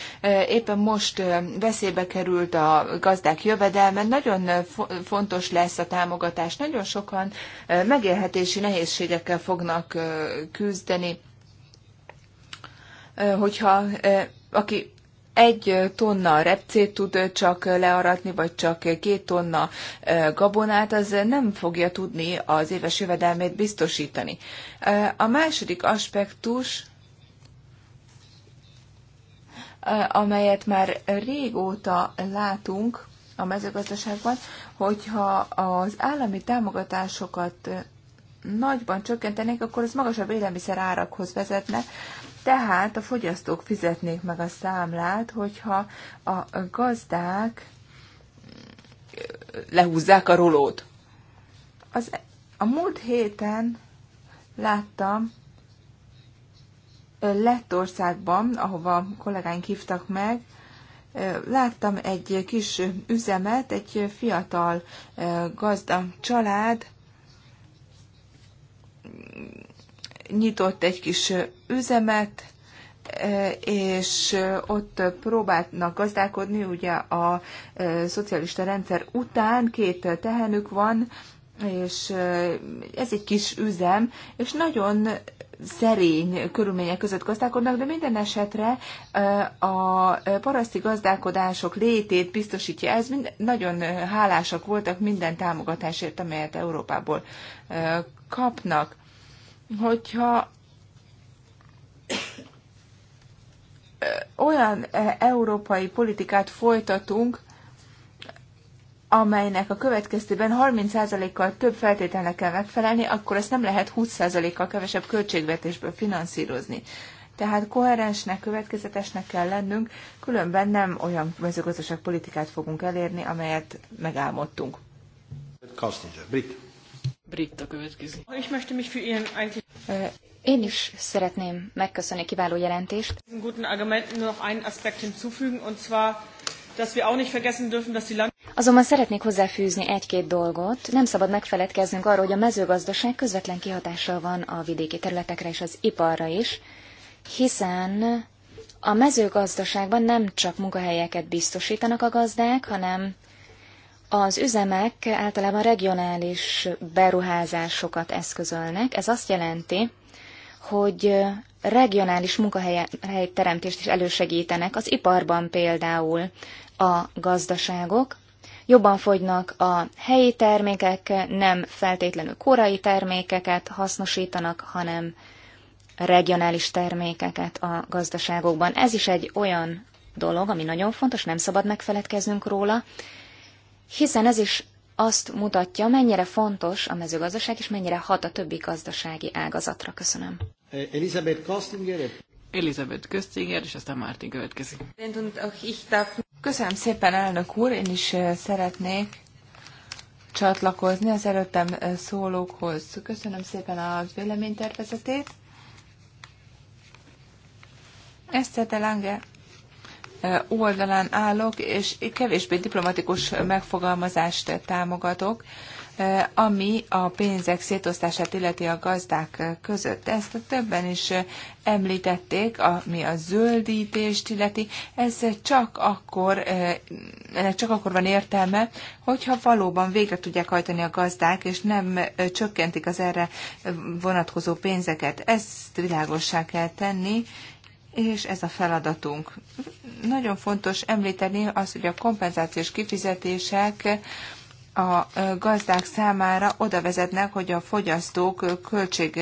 éppen most veszélybe került a gazdák jövedelme, nagyon fontos lesz a támogatás, nagyon sokan megélhetési nehézségekkel fognak küzdeni. Hogyha aki egy tonna repcét tud csak learatni, vagy csak két tonna gabonát, az nem fogja tudni az éves jövedelmét biztosítani. A második aspektus, amelyet már régóta látunk a mezőgazdaságban, hogyha az állami támogatásokat nagyban csökkentenék, akkor ez magasabb élelmiszer árakhoz vezetne, tehát a fogyasztók fizetnék meg a számlát, hogyha a gazdák lehúzzák a rolót. Az, a múlt héten láttam Lettországban, ahova kollégáink hívtak meg, láttam egy kis üzemet, egy fiatal gazda család nyitott egy kis üzemet, e, és ott próbálnak gazdálkodni, ugye a e, szocialista rendszer után két tehenük van, és e, ez egy kis üzem, és nagyon szerény körülmények között gazdálkodnak, de minden esetre a paraszti gazdálkodások létét biztosítja. Ez mind, nagyon hálásak voltak minden támogatásért, amelyet Európából kapnak hogyha olyan európai politikát folytatunk, amelynek a következtében 30%-kal több feltételnek kell megfelelni, akkor ezt nem lehet 20%-kal kevesebb költségvetésből finanszírozni. Tehát koherensnek, következetesnek kell lennünk, különben nem olyan politikát fogunk elérni, amelyet megálmodtunk. Kastinger, Brit. Britta következik. Én is szeretném megköszönni a kiváló jelentést. Guten Argumenten noch einen Aspekt hinzufügen, und zwar, dass wir auch nicht vergessen dürfen, dass die Land Azonban szeretnék hozzáfűzni egy-két dolgot. Nem szabad megfeledkeznünk arról, hogy a mezőgazdaság közvetlen kihatással van a vidéki területekre és az iparra is, hiszen a mezőgazdaságban nem csak munkahelyeket biztosítanak a gazdák, hanem az üzemek általában regionális beruházásokat eszközölnek. Ez azt jelenti, hogy regionális munkahely teremtést is elősegítenek. Az iparban például a gazdaságok jobban fogynak a helyi termékek, nem feltétlenül korai termékeket hasznosítanak, hanem regionális termékeket a gazdaságokban. Ez is egy olyan dolog, ami nagyon fontos, nem szabad megfeledkeznünk róla, hiszen ez is azt mutatja, mennyire fontos a mezőgazdaság, és mennyire hat a többi gazdasági ágazatra. Köszönöm. Elizabeth Kostinger. Elizabeth Köstinger, és aztán Martin következik. Köszönöm szépen, elnök úr, én is szeretnék csatlakozni az előttem szólókhoz. Köszönöm szépen a véleménytervezetét. Eszter de Lange oldalán állok, és kevésbé diplomatikus megfogalmazást támogatok, ami a pénzek szétosztását illeti a gazdák között. Ezt a többen is említették, ami a zöldítést illeti. Ez csak akkor, ennek csak akkor van értelme, hogyha valóban végre tudják hajtani a gazdák, és nem csökkentik az erre vonatkozó pénzeket. Ezt világossá kell tenni, és ez a feladatunk. Nagyon fontos említeni az, hogy a kompenzációs kifizetések a gazdák számára oda vezetnek, hogy a fogyasztók költség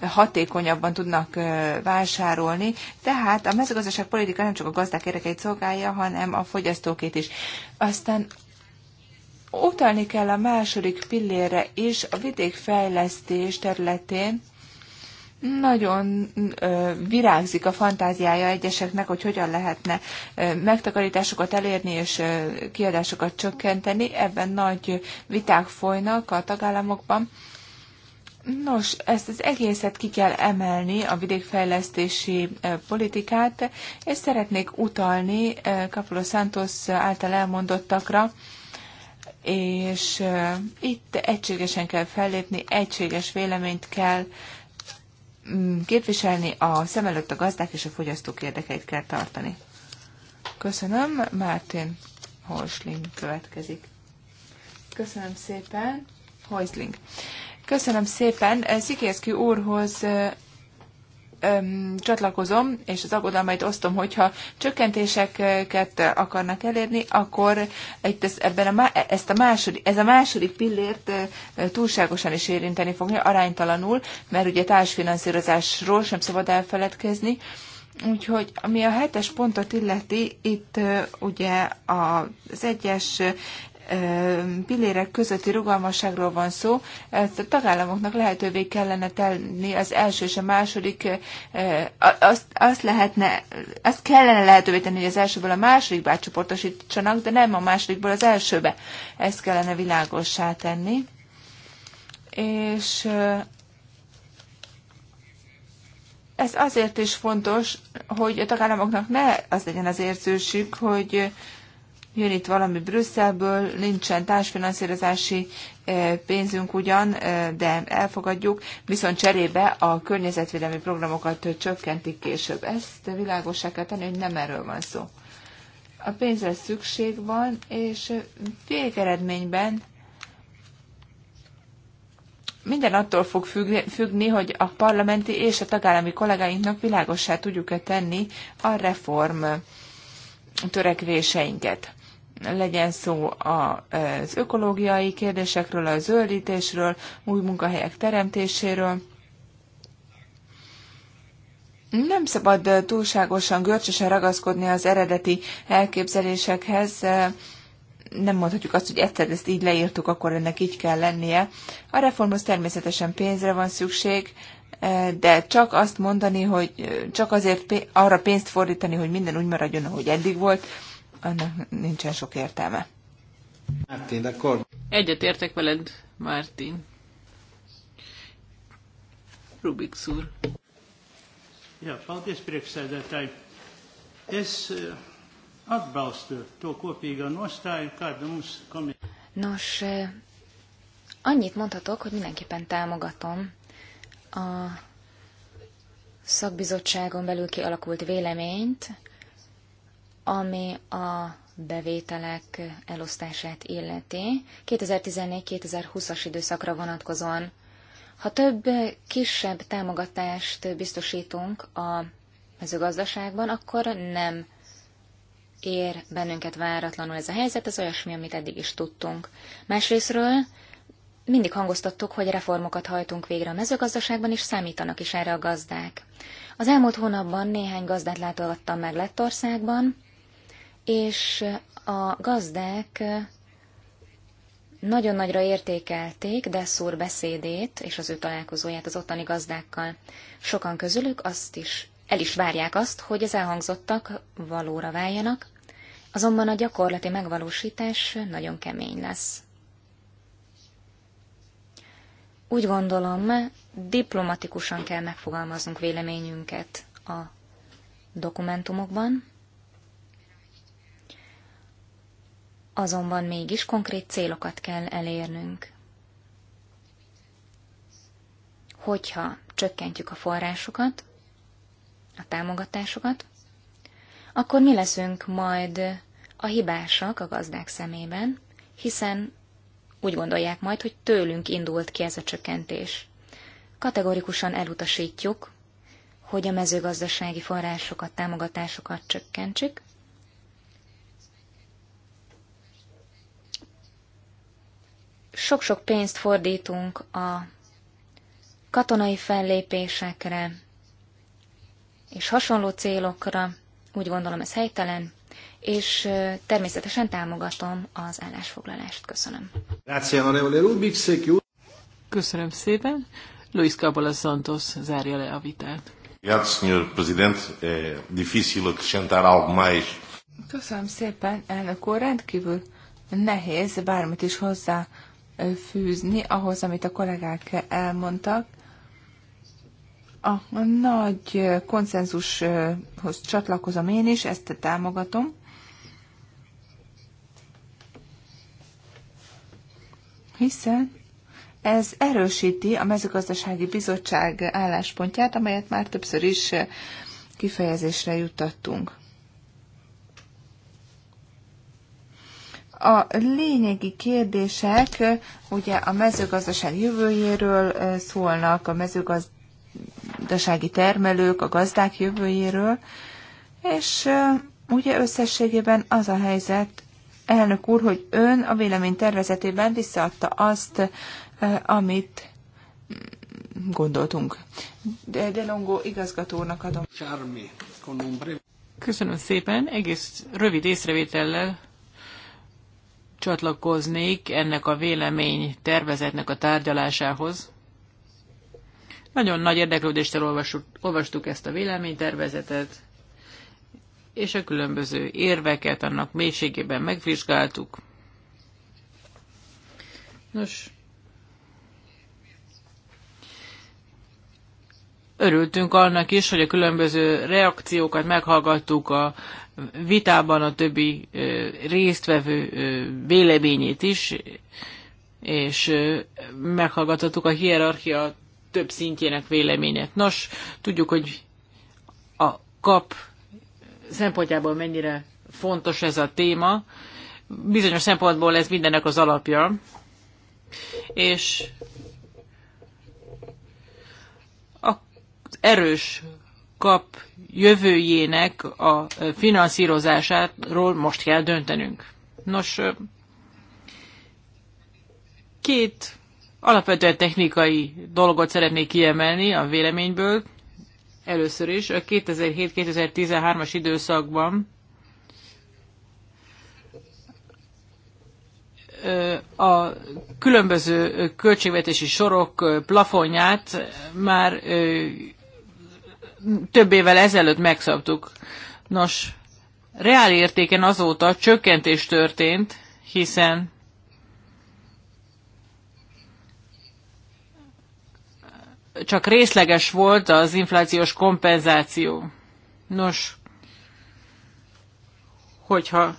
hatékonyabban tudnak vásárolni, tehát a mezőgazdaság politika nem csak a gazdák érdekeit szolgálja, hanem a fogyasztókét is. Aztán utalni kell a második pillére is a vidékfejlesztés területén, nagyon virágzik a fantáziája egyeseknek, hogy hogyan lehetne megtakarításokat elérni és kiadásokat csökkenteni. Ebben nagy viták folynak a tagállamokban. Nos, ezt az egészet ki kell emelni, a vidékfejlesztési politikát, és szeretnék utalni Capulo Santos által elmondottakra, és itt egységesen kell fellépni, egységes véleményt kell Mm, képviselni, a szem előtt a gazdák és a fogyasztók érdekeit kell tartani. Köszönöm, Mártin Horsling következik. Köszönöm szépen, Hoisling. Köszönöm szépen. Eh, Szikérszki úrhoz eh, öm, csatlakozom, és az aggodalmait osztom, hogyha csökkentéseket akarnak elérni, akkor itt ez, ebben a, ezt a második, ez a második pillért túlságosan is érinteni fogja, aránytalanul, mert ugye társfinanszírozásról sem szabad elfeledkezni, Úgyhogy ami a hetes pontot illeti, itt ugye az egyes pillérek közötti rugalmasságról van szó, ezt a tagállamoknak lehetővé kellene tenni az első és a második, azt, azt, lehetne, azt kellene lehetővé tenni, hogy az elsőből a másodikba átcsoportosítsanak, de nem a másodikból az elsőbe. Ezt kellene világossá tenni. És ez azért is fontos, hogy a tagállamoknak ne az legyen az érzősük, hogy jön itt valami Brüsszelből, nincsen társfinanszírozási eh, pénzünk ugyan, eh, de elfogadjuk, viszont cserébe a környezetvédelmi programokat csökkentik később. Ezt világosá kell tenni, hogy nem erről van szó. A pénzre szükség van, és végeredményben minden attól fog függni, hogy a parlamenti és a tagállami kollégáinknak világossá tudjuk-e tenni a reform törekvéseinket legyen szó az ökológiai kérdésekről, a zöldítésről, új munkahelyek teremtéséről. Nem szabad túlságosan görcsösen ragaszkodni az eredeti elképzelésekhez. Nem mondhatjuk azt, hogy egyszer ezt így leírtuk, akkor ennek így kell lennie. A reformhoz természetesen pénzre van szükség, de csak azt mondani, hogy csak azért arra pénzt fordítani, hogy minden úgy maradjon, ahogy eddig volt, annak nincsen sok értelme. Martin, akkor... Egyet értek veled, Martin. Rubik szúr. Ja, paldies, priekšsēdētāji. Es eh, atbalstu to kopīgo nostāju, kāda mums komis. Nos, eh, annyit mondhatok, hogy mindenképpen támogatom a szakbizottságon belül kialakult véleményt, ami a bevételek elosztását illeti 2014-2020-as időszakra vonatkozóan. Ha több kisebb támogatást biztosítunk a mezőgazdaságban, akkor nem ér bennünket váratlanul ez a helyzet, ez olyasmi, amit eddig is tudtunk. Másrésztről mindig hangoztattuk, hogy reformokat hajtunk végre a mezőgazdaságban, és számítanak is erre a gazdák. Az elmúlt hónapban néhány gazdát látogattam meg Lettországban, és a gazdák nagyon nagyra értékelték Dessur beszédét és az ő találkozóját az ottani gazdákkal. Sokan közülük azt is el is várják azt, hogy az elhangzottak valóra váljanak, azonban a gyakorlati megvalósítás nagyon kemény lesz. Úgy gondolom, diplomatikusan kell megfogalmaznunk véleményünket a dokumentumokban, azonban mégis konkrét célokat kell elérnünk. Hogyha csökkentjük a forrásokat, a támogatásokat, akkor mi leszünk majd a hibásak a gazdák szemében, hiszen úgy gondolják majd, hogy tőlünk indult ki ez a csökkentés. Kategorikusan elutasítjuk, hogy a mezőgazdasági forrásokat, támogatásokat csökkentsük, sok-sok pénzt fordítunk a katonai fellépésekre és hasonló célokra, úgy gondolom ez helytelen, és természetesen támogatom az állásfoglalást. Köszönöm. Köszönöm szépen. Luis Cabola Santos zárja le a vitát. Köszönöm szépen, elnök úr, rendkívül nehéz bármit is hozzá fűzni ahhoz, amit a kollégák elmondtak. A nagy konszenzushoz csatlakozom én is, ezt támogatom. Hiszen ez erősíti a mezőgazdasági bizottság álláspontját, amelyet már többször is kifejezésre juttattunk. A lényegi kérdések ugye a mezőgazdaság jövőjéről szólnak, a mezőgazdasági termelők, a gazdák jövőjéről, és ugye összességében az a helyzet, elnök úr, hogy ön a vélemény tervezetében visszaadta azt, amit gondoltunk. De Delongo igazgatónak adom. Köszönöm szépen, egész rövid észrevétellel csatlakoznék ennek a vélemény tervezetnek a tárgyalásához. Nagyon nagy érdeklődéstől olvastuk, olvastuk ezt a véleménytervezetet, és a különböző érveket annak mélységében megvizsgáltuk. Nos, örültünk annak is, hogy a különböző reakciókat meghallgattuk a vitában a többi résztvevő véleményét is, és meghallgattuk a hierarchia több szintjének véleményét. Nos, tudjuk, hogy a kap szempontjából mennyire fontos ez a téma. Bizonyos szempontból ez mindennek az alapja. És erős kap jövőjének a finanszírozásáról most kell döntenünk. Nos, két alapvetően technikai dolgot szeretnék kiemelni a véleményből. Először is a 2007-2013-as időszakban a különböző költségvetési sorok plafonját már több évvel ezelőtt megszabtuk. Nos, reál értéken azóta csökkentés történt, hiszen csak részleges volt az inflációs kompenzáció. Nos, hogyha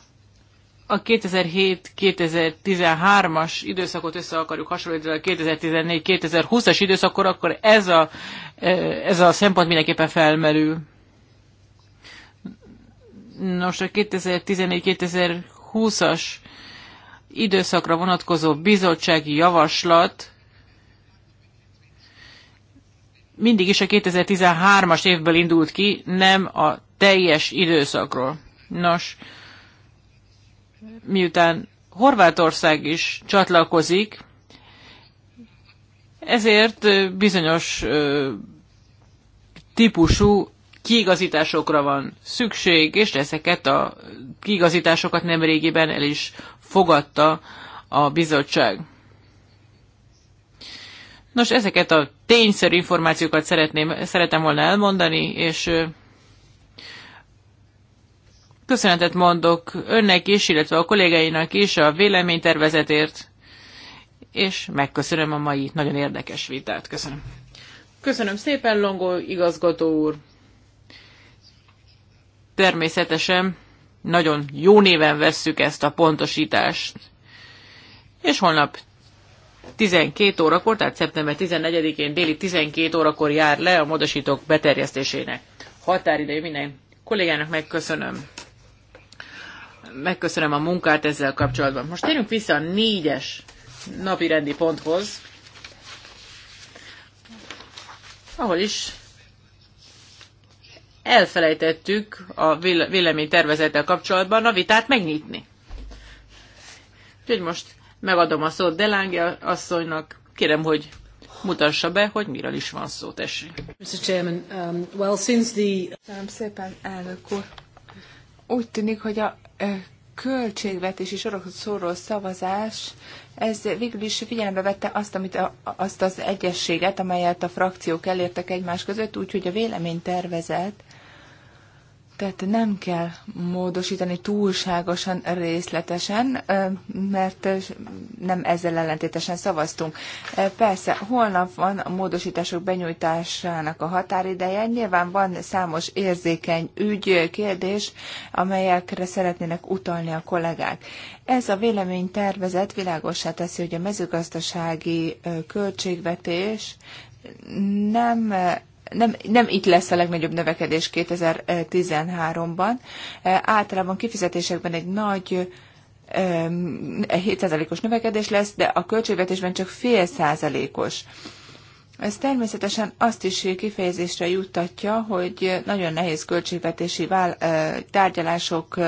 a 2007-2013-as időszakot össze akarjuk hasonlítani a 2014-2020-as időszakkor, akkor ez a, e, ez a szempont mindenképpen felmerül. Nos, a 2014-2020-as időszakra vonatkozó bizottsági javaslat mindig is a 2013-as évből indult ki, nem a teljes időszakról. Nos, miután Horvátország is csatlakozik, ezért bizonyos típusú kiigazításokra van szükség, és ezeket a kiigazításokat nem el is fogadta a bizottság. Nos, ezeket a tényszerű információkat szeretném, szeretem volna elmondani, és Köszönetet mondok önnek is, illetve a kollégáinak is a véleménytervezetért, és megköszönöm a mai nagyon érdekes vitát. Köszönöm. Köszönöm szépen, Longó igazgató úr. Természetesen nagyon jó néven vesszük ezt a pontosítást. És holnap 12 órakor, tehát szeptember 14-én déli 12 órakor jár le a módosítók beterjesztésének. Határidejű minden kollégának megköszönöm megköszönöm a munkát ezzel kapcsolatban. Most térjünk vissza a négyes napi rendi ponthoz, ahol is elfelejtettük a vélemény tervezettel kapcsolatban a vitát megnyitni. Úgyhogy most megadom a szót Delángi asszonynak. Kérem, hogy mutassa be, hogy miről is van szó, tessék. Mr. Chairman, um, well, since the... Köszönöm szépen, elnök úr. Úgy tűnik, hogy a költségvetési sorokhoz szóló szavazás, ez végül is figyelembe vette azt, amit a, azt az egyességet, amelyet a frakciók elértek egymás között, úgyhogy a véleménytervezet tehát nem kell módosítani túlságosan részletesen, mert nem ezzel ellentétesen szavaztunk. Persze, holnap van a módosítások benyújtásának a határideje. Nyilván van számos érzékeny ügy, kérdés, amelyekre szeretnének utalni a kollégák. Ez a véleménytervezet világosá teszi, hogy a mezőgazdasági költségvetés nem nem, nem itt lesz a legnagyobb növekedés 2013-ban. E, általában kifizetésekben egy nagy 7%-os e, növekedés lesz, de a költségvetésben csak fél százalékos ez természetesen azt is kifejezésre juttatja, hogy nagyon nehéz költségvetési vál, tárgyalások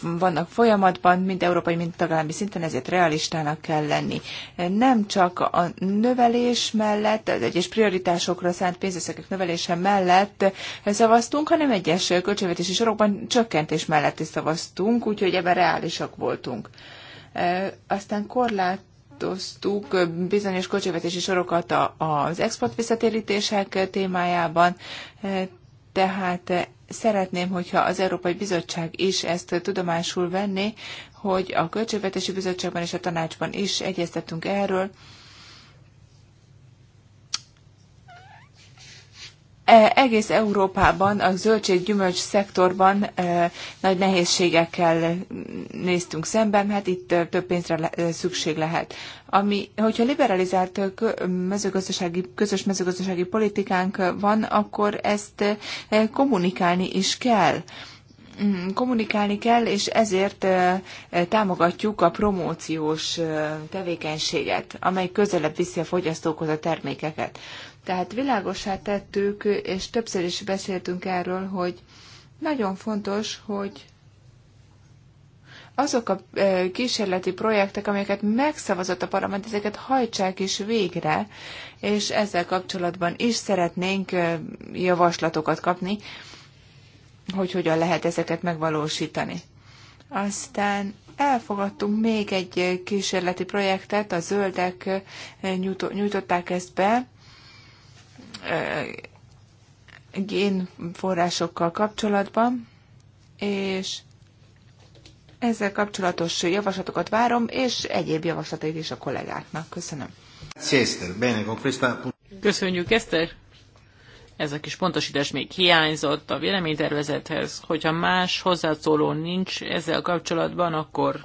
vannak folyamatban, mind európai, mind tagállami szinten, ezért realistának kell lenni. Nem csak a növelés mellett, az egyes prioritásokra szánt pénzeszekek növelése mellett szavaztunk, hanem egyes költségvetési sorokban csökkentés mellett is szavaztunk, úgyhogy ebben reálisak voltunk. Aztán korlát korlátoztuk bizonyos költségvetési sorokat az export visszatérítések témájában, e, tehát szeretném, hogyha az Európai Bizottság is ezt tudomásul venné, hogy a Költségvetési Bizottságban és a Tanácsban is egyeztettünk erről, E, egész Európában a zöldség-gyümölcs szektorban e, nagy nehézségekkel néztünk szemben, hát itt e, több pénzre szükség lehet. Ami, hogyha liberalizált mezőgazdasági, közös mezőgazdasági politikánk van, akkor ezt kommunikálni is kell mm, kommunikálni kell, és ezért támogatjuk a promóciós tevékenységet, amely közelebb viszi a fogyasztókhoz a termékeket. Tehát világosá tettük, és többször is beszéltünk erről, hogy nagyon fontos, hogy azok a kísérleti projektek, amelyeket megszavazott a parlament, ezeket hajtsák is végre, és ezzel kapcsolatban is szeretnénk javaslatokat kapni, hogy hogyan lehet ezeket megvalósítani. Aztán elfogadtunk még egy kísérleti projektet, a zöldek nyújtották ezt be, génforrásokkal kapcsolatban, és ezzel kapcsolatos javaslatokat várom, és egyéb javaslatait is a kollégáknak. Köszönöm. Köszönjük, Eszter! Ez a kis pontosítás még hiányzott a véleménytervezethez. Hogyha más hozzászóló nincs ezzel kapcsolatban, akkor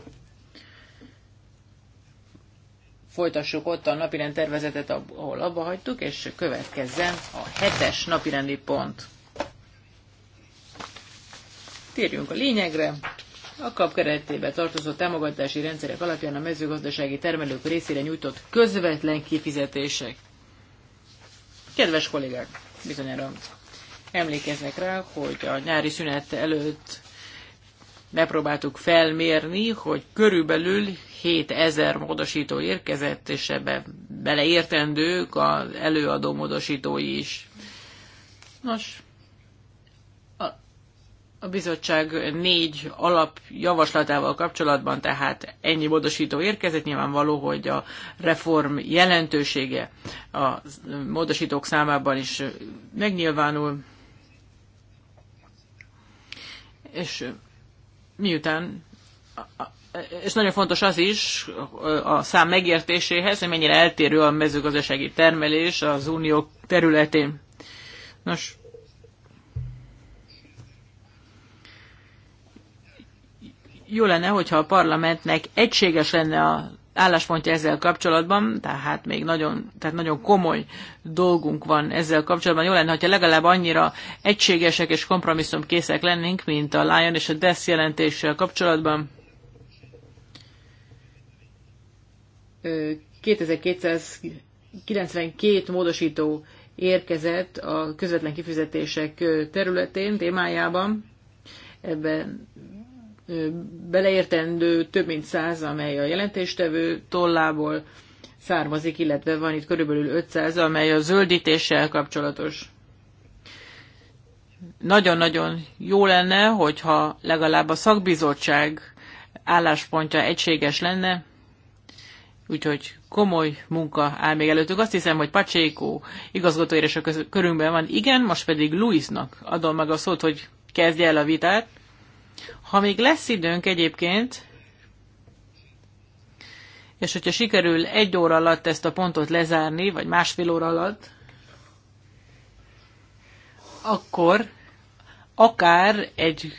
folytassuk ott a napirend tervezetet, ahol abba hagytuk, és következzen a hetes napirendi pont. Térjünk a lényegre. A kap keretében tartozó támogatási rendszerek alapján a mezőgazdasági termelők részére nyújtott közvetlen kifizetések. Kedves kollégák, bizonyára emlékeznek rá, hogy a nyári szünet előtt megpróbáltuk felmérni, hogy körülbelül 7000 módosító érkezett, és ebbe beleértendők az előadó módosítói is. Nos, a, a bizottság négy alapjavaslatával kapcsolatban tehát ennyi módosító érkezett, nyilvánvaló, hogy a reform jelentősége a módosítók számában is megnyilvánul, és miután és nagyon fontos az is a szám megértéséhez, hogy mennyire eltérő a mezőgazdasági termelés az unió területén. Nos, jó lenne, hogyha a parlamentnek egységes lenne a álláspontja ezzel kapcsolatban, tehát még nagyon, tehát nagyon komoly dolgunk van ezzel kapcsolatban. Jó lenne, ha legalább annyira egységesek és kompromisszumkészek lennénk, mint a Lion és a DESZ jelentéssel kapcsolatban. 2292 módosító érkezett a közvetlen kifizetések területén, témájában. Ebben beleértendő több mint száz, amely a jelentéstevő tollából származik, illetve van itt körülbelül 500, amely a zöldítéssel kapcsolatos. Nagyon-nagyon jó lenne, hogyha legalább a szakbizottság álláspontja egységes lenne, úgyhogy komoly munka áll még előttük. Azt hiszem, hogy Pacsékó igazgatóérés a körünkben van. Igen, most pedig Luisnak adom meg a szót, hogy kezdje el a vitát. Ha még lesz időnk egyébként, és hogyha sikerül egy óra alatt ezt a pontot lezárni, vagy másfél óra alatt, akkor akár egy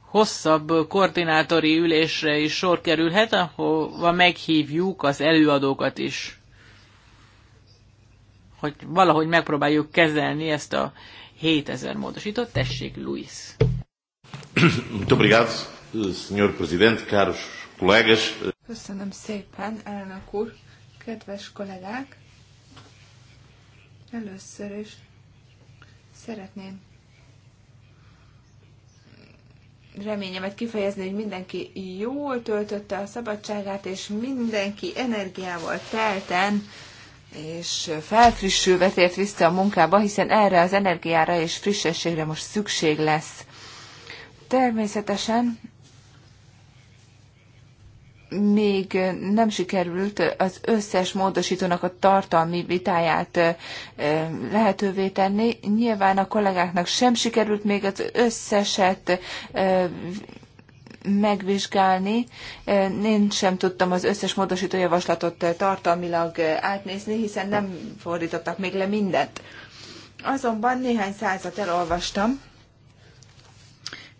hosszabb koordinátori ülésre is sor kerülhet, ahova meghívjuk az előadókat is. Hogy valahogy megpróbáljuk kezelni ezt a 7000 módosított. Tessék, Luis! Muito obrigado, Sr. Presidente, caros colegas. Köszönöm szépen, elnök úr, kedves kollégák. Először is szeretném reményemet kifejezni, hogy mindenki jól töltötte a szabadságát, és mindenki energiával telten és felfrissülve tért vissza a munkába, hiszen erre az energiára és frissességre most szükség lesz. Természetesen még nem sikerült az összes módosítónak a tartalmi vitáját lehetővé tenni. Nyilván a kollégáknak sem sikerült még az összeset megvizsgálni. Én sem tudtam az összes módosító javaslatot tartalmilag átnézni, hiszen nem fordítottak még le mindent. Azonban néhány százat elolvastam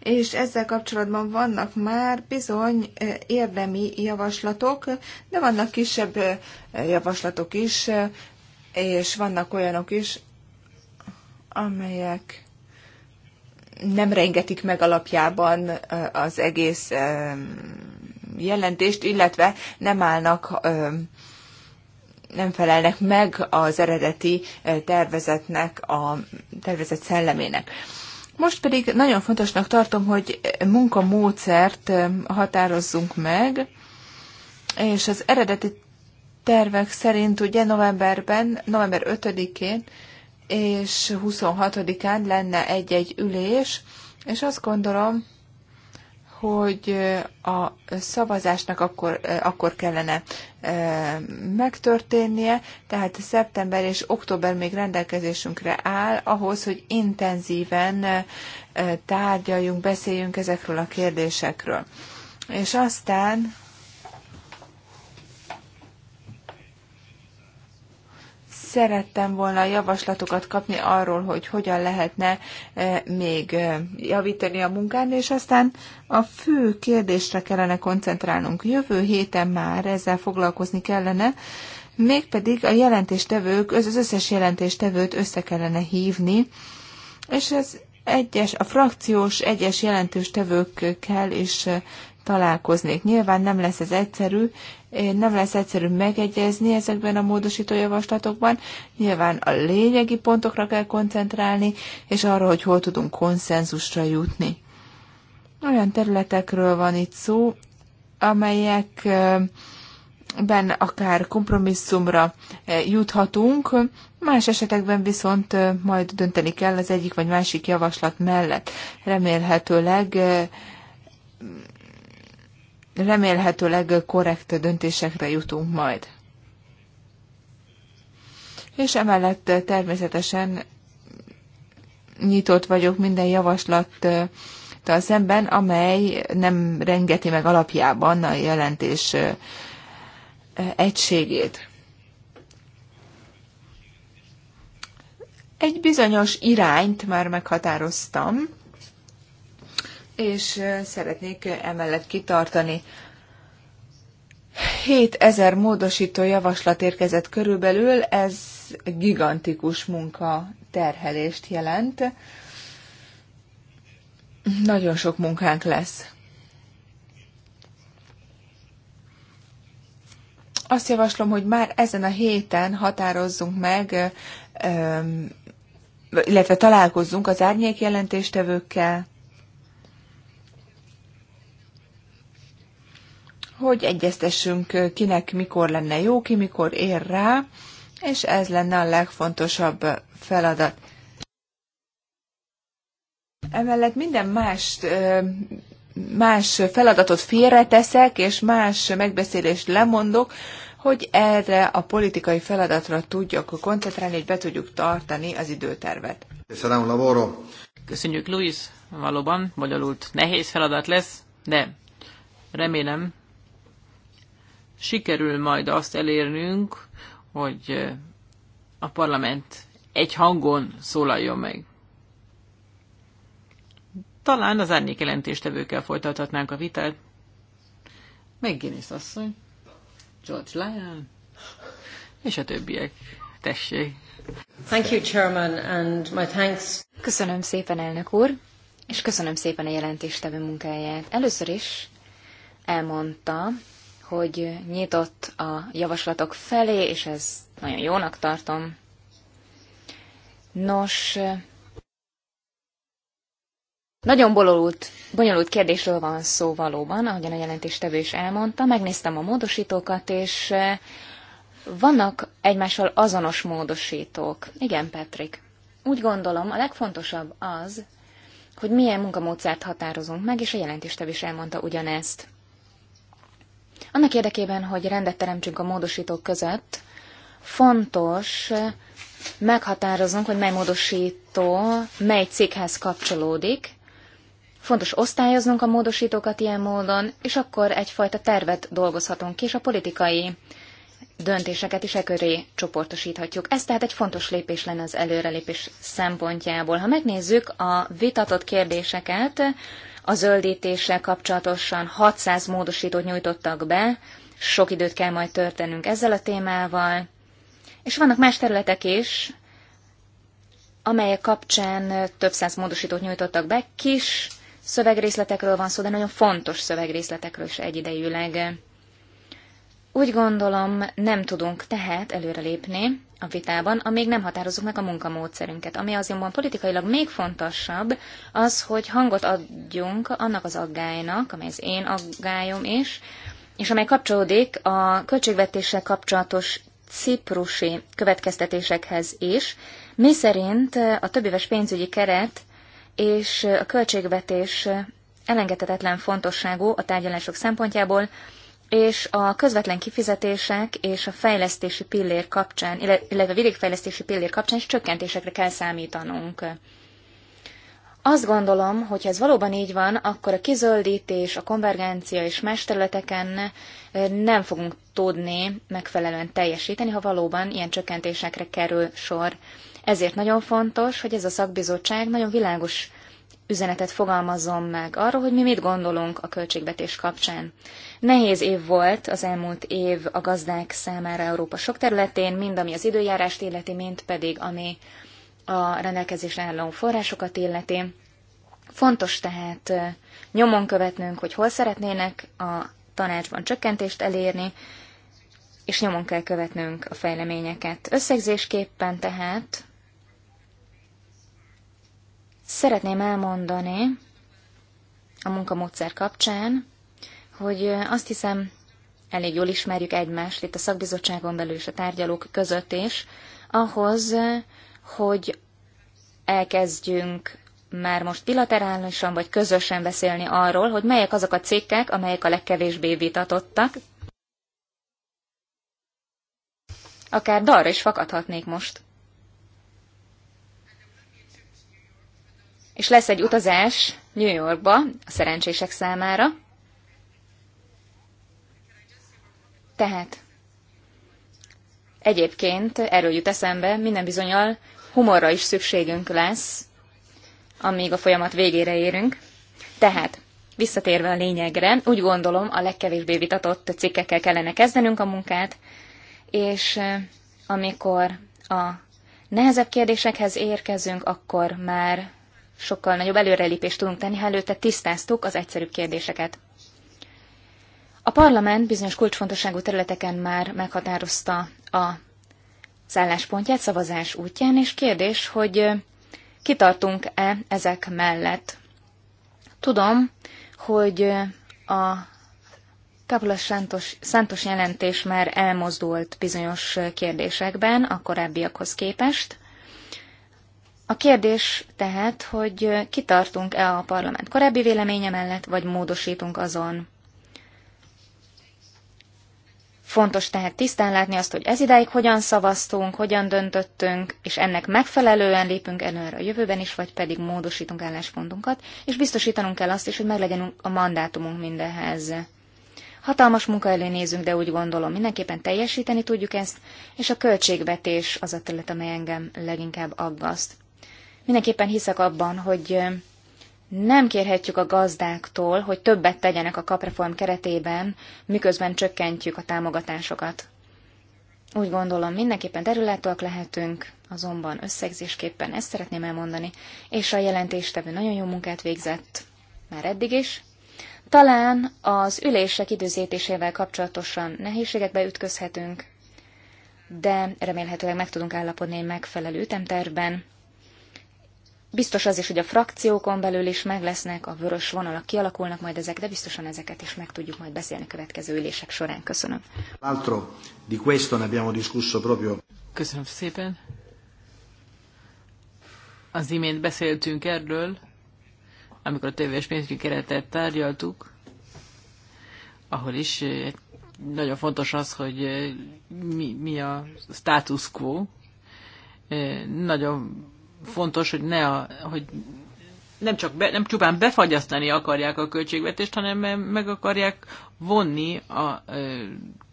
és ezzel kapcsolatban vannak már bizony eh, érdemi javaslatok, de vannak kisebb eh, javaslatok is, eh, és vannak olyanok is, amelyek nem rengetik meg alapjában az egész jelentést, illetve nem állnak, nem felelnek meg az eredeti tervezetnek, a tervezet szellemének. Most pedig nagyon fontosnak tartom, hogy munkamódszert határozzunk meg, és az eredeti tervek szerint ugye novemberben, november 5-én és 26-án lenne egy-egy ülés, és azt gondolom, hogy a szavazásnak akkor, akkor kellene megtörténnie, tehát szeptember és október még rendelkezésünkre áll ahhoz, hogy intenzíven tárgyaljunk, beszéljünk ezekről a kérdésekről. És aztán Szerettem volna javaslatokat kapni arról, hogy hogyan lehetne e, még e, javítani a munkán, és aztán a fő kérdésre kellene koncentrálnunk. Jövő héten már ezzel foglalkozni kellene, mégpedig a jelentéstevők, az összes jelentéstevőt össze kellene hívni, és ez egyes, a frakciós egyes jelentőstevőkkel is e, találkoznék. Nyilván nem lesz ez egyszerű, nem lesz egyszerű megegyezni ezekben a módosító javaslatokban. Nyilván a lényegi pontokra kell koncentrálni, és arra, hogy hol tudunk konszenzusra jutni. Olyan területekről van itt szó, amelyek ben akár kompromisszumra e, juthatunk, más esetekben viszont e, majd dönteni kell az egyik vagy másik javaslat mellett. Remélhetőleg e, remélhetőleg korrekt döntésekre jutunk majd. És emellett természetesen nyitott vagyok minden javaslattal szemben, amely nem rengeti meg alapjában a jelentés egységét. Egy bizonyos irányt már meghatároztam, és szeretnék emellett kitartani. 7000 módosító javaslat érkezett körülbelül, ez gigantikus munka terhelést jelent. Nagyon sok munkánk lesz. Azt javaslom, hogy már ezen a héten határozzunk meg, illetve találkozzunk az árnyék jelentéstevőkkel, hogy egyeztessünk, kinek mikor lenne jó, ki mikor ér rá, és ez lenne a legfontosabb feladat. Emellett minden más más feladatot félreteszek, és más megbeszélést lemondok, hogy erre a politikai feladatra tudjak koncentrálni, hogy be tudjuk tartani az időtervet. Köszönjük, Luis! Valóban, bonyolult, nehéz feladat lesz, de remélem, sikerül majd azt elérnünk, hogy a parlament egy hangon szólaljon meg. Talán az árnyék jelentéstevőkkel folytathatnánk a vitát. McGinnis asszony, George Lyon, és a többiek. Tessék. Thank you, Chairman, and my thanks. Köszönöm szépen, elnök úr, és köszönöm szépen a jelentéstevő munkáját. Először is elmondta, hogy nyitott a javaslatok felé, és ez nagyon jónak tartom. Nos, nagyon bololult, bonyolult kérdésről van szó valóban, ahogyan a jelentéstevő is elmondta. Megnéztem a módosítókat, és eh, vannak egymással azonos módosítók. Igen, Patrick. Úgy gondolom, a legfontosabb az, hogy milyen munkamódszert határozunk meg, és a jelentéstevő is elmondta ugyanezt. Annak érdekében, hogy rendet teremtsünk a módosítók között, fontos meghatározunk, hogy mely módosító mely céghez kapcsolódik, Fontos osztályoznunk a módosítókat ilyen módon, és akkor egyfajta tervet dolgozhatunk ki, és a politikai döntéseket is e köré csoportosíthatjuk. Ez tehát egy fontos lépés lenne az előrelépés szempontjából. Ha megnézzük a vitatott kérdéseket, a zöldítéssel kapcsolatosan 600 módosítót nyújtottak be, sok időt kell majd törtenünk ezzel a témával, és vannak más területek is, amelyek kapcsán több száz módosítót nyújtottak be, kis szövegrészletekről van szó, de nagyon fontos szövegrészletekről is egyidejűleg. Úgy gondolom, nem tudunk tehát előrelépni a vitában, amíg nem határozzuk meg a munkamódszerünket. Ami azonban politikailag még fontosabb, az, hogy hangot adjunk annak az aggálynak, amely az én aggályom is, és amely kapcsolódik a költségvetéssel kapcsolatos ciprusi következtetésekhez is, mi szerint a többéves pénzügyi keret és a költségvetés elengedhetetlen fontosságú a tárgyalások szempontjából, és a közvetlen kifizetések és a fejlesztési pillér kapcsán, illetve a vidékfejlesztési pillér kapcsán is csökkentésekre kell számítanunk. Azt gondolom, hogy ha ez valóban így van, akkor a kizöldítés, a konvergencia és más területeken nem fogunk tudni megfelelően teljesíteni, ha valóban ilyen csökkentésekre kerül sor. Ezért nagyon fontos, hogy ez a szakbizottság nagyon világos üzenetet fogalmazzon meg arról, hogy mi mit gondolunk a költségvetés kapcsán. Nehéz év volt az elmúlt év a gazdák számára Európa sok területén, mind ami az időjárást illeti, mind pedig ami a rendelkezésre álló forrásokat illeti. Fontos tehát nyomon követnünk, hogy hol szeretnének a tanácsban csökkentést elérni, és nyomon kell követnünk a fejleményeket. Összegzésképpen tehát Szeretném elmondani a munkamódszer kapcsán, hogy azt hiszem, elég jól ismerjük egymást itt a szakbizottságon belül és a tárgyalók között is, ahhoz, hogy elkezdjünk már most bilaterálisan vagy közösen beszélni arról, hogy melyek azok a cikkek, amelyek a legkevésbé vitatottak. Akár darra is fakadhatnék most. és lesz egy utazás New Yorkba a szerencsések számára. Tehát egyébként erről jut eszembe, minden bizonyal humorra is szükségünk lesz, amíg a folyamat végére érünk. Tehát, visszatérve a lényegre, úgy gondolom a legkevésbé vitatott cikkekkel kellene kezdenünk a munkát, és amikor a nehezebb kérdésekhez érkezünk, akkor már sokkal nagyobb előrelépést tudunk tenni, ha előtte tisztáztuk az egyszerűbb kérdéseket. A parlament bizonyos kulcsfontosságú területeken már meghatározta a szálláspontját szavazás útján, és kérdés, hogy kitartunk-e ezek mellett. Tudom, hogy a Kapula Santos, Santos jelentés már elmozdult bizonyos kérdésekben a korábbiakhoz képest, a kérdés tehát, hogy kitartunk-e a parlament korábbi véleménye mellett, vagy módosítunk azon. Fontos tehát tisztán látni azt, hogy ez idáig hogyan szavaztunk, hogyan döntöttünk, és ennek megfelelően lépünk előre a jövőben is, vagy pedig módosítunk álláspontunkat, és biztosítanunk kell azt is, hogy meglegyen a mandátumunk mindenhez. Hatalmas munka elé nézünk, de úgy gondolom, mindenképpen teljesíteni tudjuk ezt, és a költségvetés az a terület, amely engem leginkább aggaszt. Mindenképpen hiszek abban, hogy nem kérhetjük a gazdáktól, hogy többet tegyenek a kapreform keretében, miközben csökkentjük a támogatásokat. Úgy gondolom, mindenképpen területtől lehetünk, azonban összegzésképpen ezt szeretném elmondani, és a jelentéstevő nagyon jó munkát végzett, már eddig is. Talán az ülések időzítésével kapcsolatosan nehézségekbe ütközhetünk, de remélhetőleg meg tudunk állapodni egy megfelelő ütemtervben, Biztos az is, hogy a frakciókon belül is meg lesznek, a vörös vonalak kialakulnak majd ezek, de biztosan ezeket is meg tudjuk majd beszélni a következő ülések során. Köszönöm. Altro di questo ne abbiamo discusso proprio. Köszönöm szépen. Az imént beszéltünk erről, amikor a tévés pénzügyi keretet tárgyaltuk, ahol is eh, nagyon fontos az, hogy eh, mi, mi a status quo. Eh, nagyon fontos, hogy ne a, hogy nem, csak be, nem csupán befagyasztani akarják a költségvetést, hanem meg akarják vonni a ö,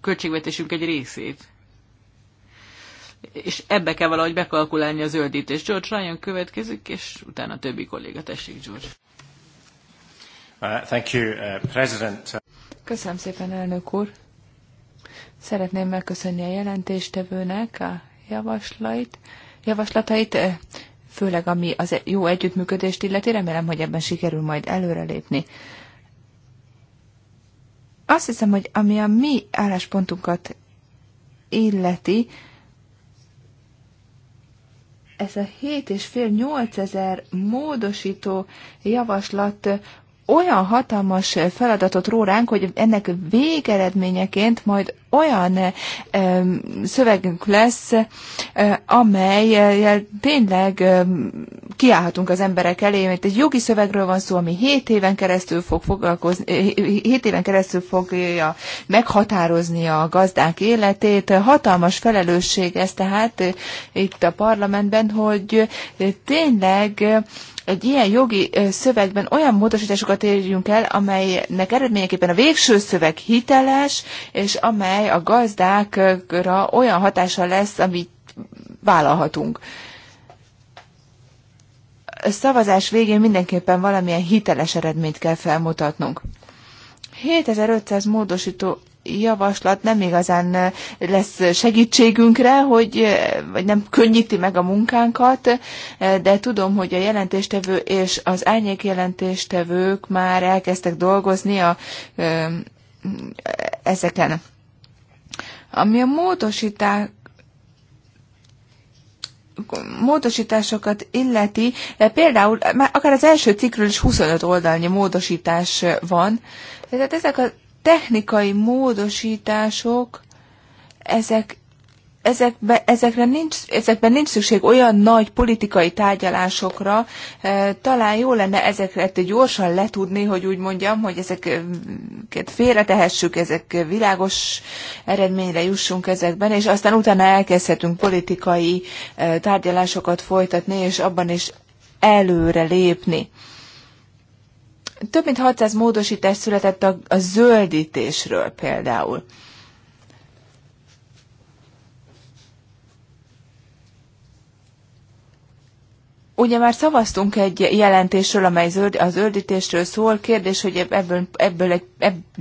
költségvetésünk egy részét. És ebbe kell valahogy bekalkulálni a zöldítést. George Ryan következik, és utána a többi kolléga. Tessék, George. Uh, thank you, uh, President. Köszönöm szépen, elnök úr. Szeretném megköszönni a jelentéstevőnek a javaslait, javaslatait főleg ami az jó együttműködést illeti, remélem, hogy ebben sikerül majd előrelépni. Azt hiszem, hogy ami a mi álláspontunkat illeti, ez a 7 és fél 8 ezer módosító javaslat olyan hatalmas feladatot ró ránk, hogy ennek végeredményeként majd olyan szövegünk lesz, amelyel tényleg kiállhatunk az emberek elé, mert egy jogi szövegről van szó, ami 7 éven keresztül fog foglalkozni, 7 eh, éven keresztül fogja meghatározni a gazdák életét. Hatalmas felelősség ez tehát eh, itt a parlamentben, hogy eh, tényleg egy ilyen jogi szövegben olyan módosításokat érjünk el, amelynek eredményeképpen a végső szöveg hiteles, és amely a gazdákra olyan hatása lesz, amit vállalhatunk. A szavazás végén mindenképpen valamilyen hiteles eredményt kell felmutatnunk. 7500 módosító javaslat nem igazán lesz segítségünkre, hogy, vagy nem könnyíti meg a munkánkat, de tudom, hogy a jelentéstevő és az árnyék jelentéstevők már elkezdtek dolgozni a, ezeken. Ami a módosítás módosításokat illeti, például már akár az első cikkről is 25 oldalnyi módosítás van, tehát ezek a technikai módosítások, ezek, ezekbe, ezekre nincs, ezekben nincs szükség olyan nagy politikai tárgyalásokra, e, talán jó lenne ezeket gyorsan letudni, hogy úgy mondjam, hogy ezeket félretehessük, ezek világos eredményre jussunk ezekben, és aztán utána elkezdhetünk politikai e, tárgyalásokat folytatni, és abban is előre lépni. Több mint 600 módosítás született a, a zöldítésről például. Ugye már szavaztunk egy jelentésről, amely zöld, az zöldítésről szól. Kérdés, hogy ebből, ebből egy,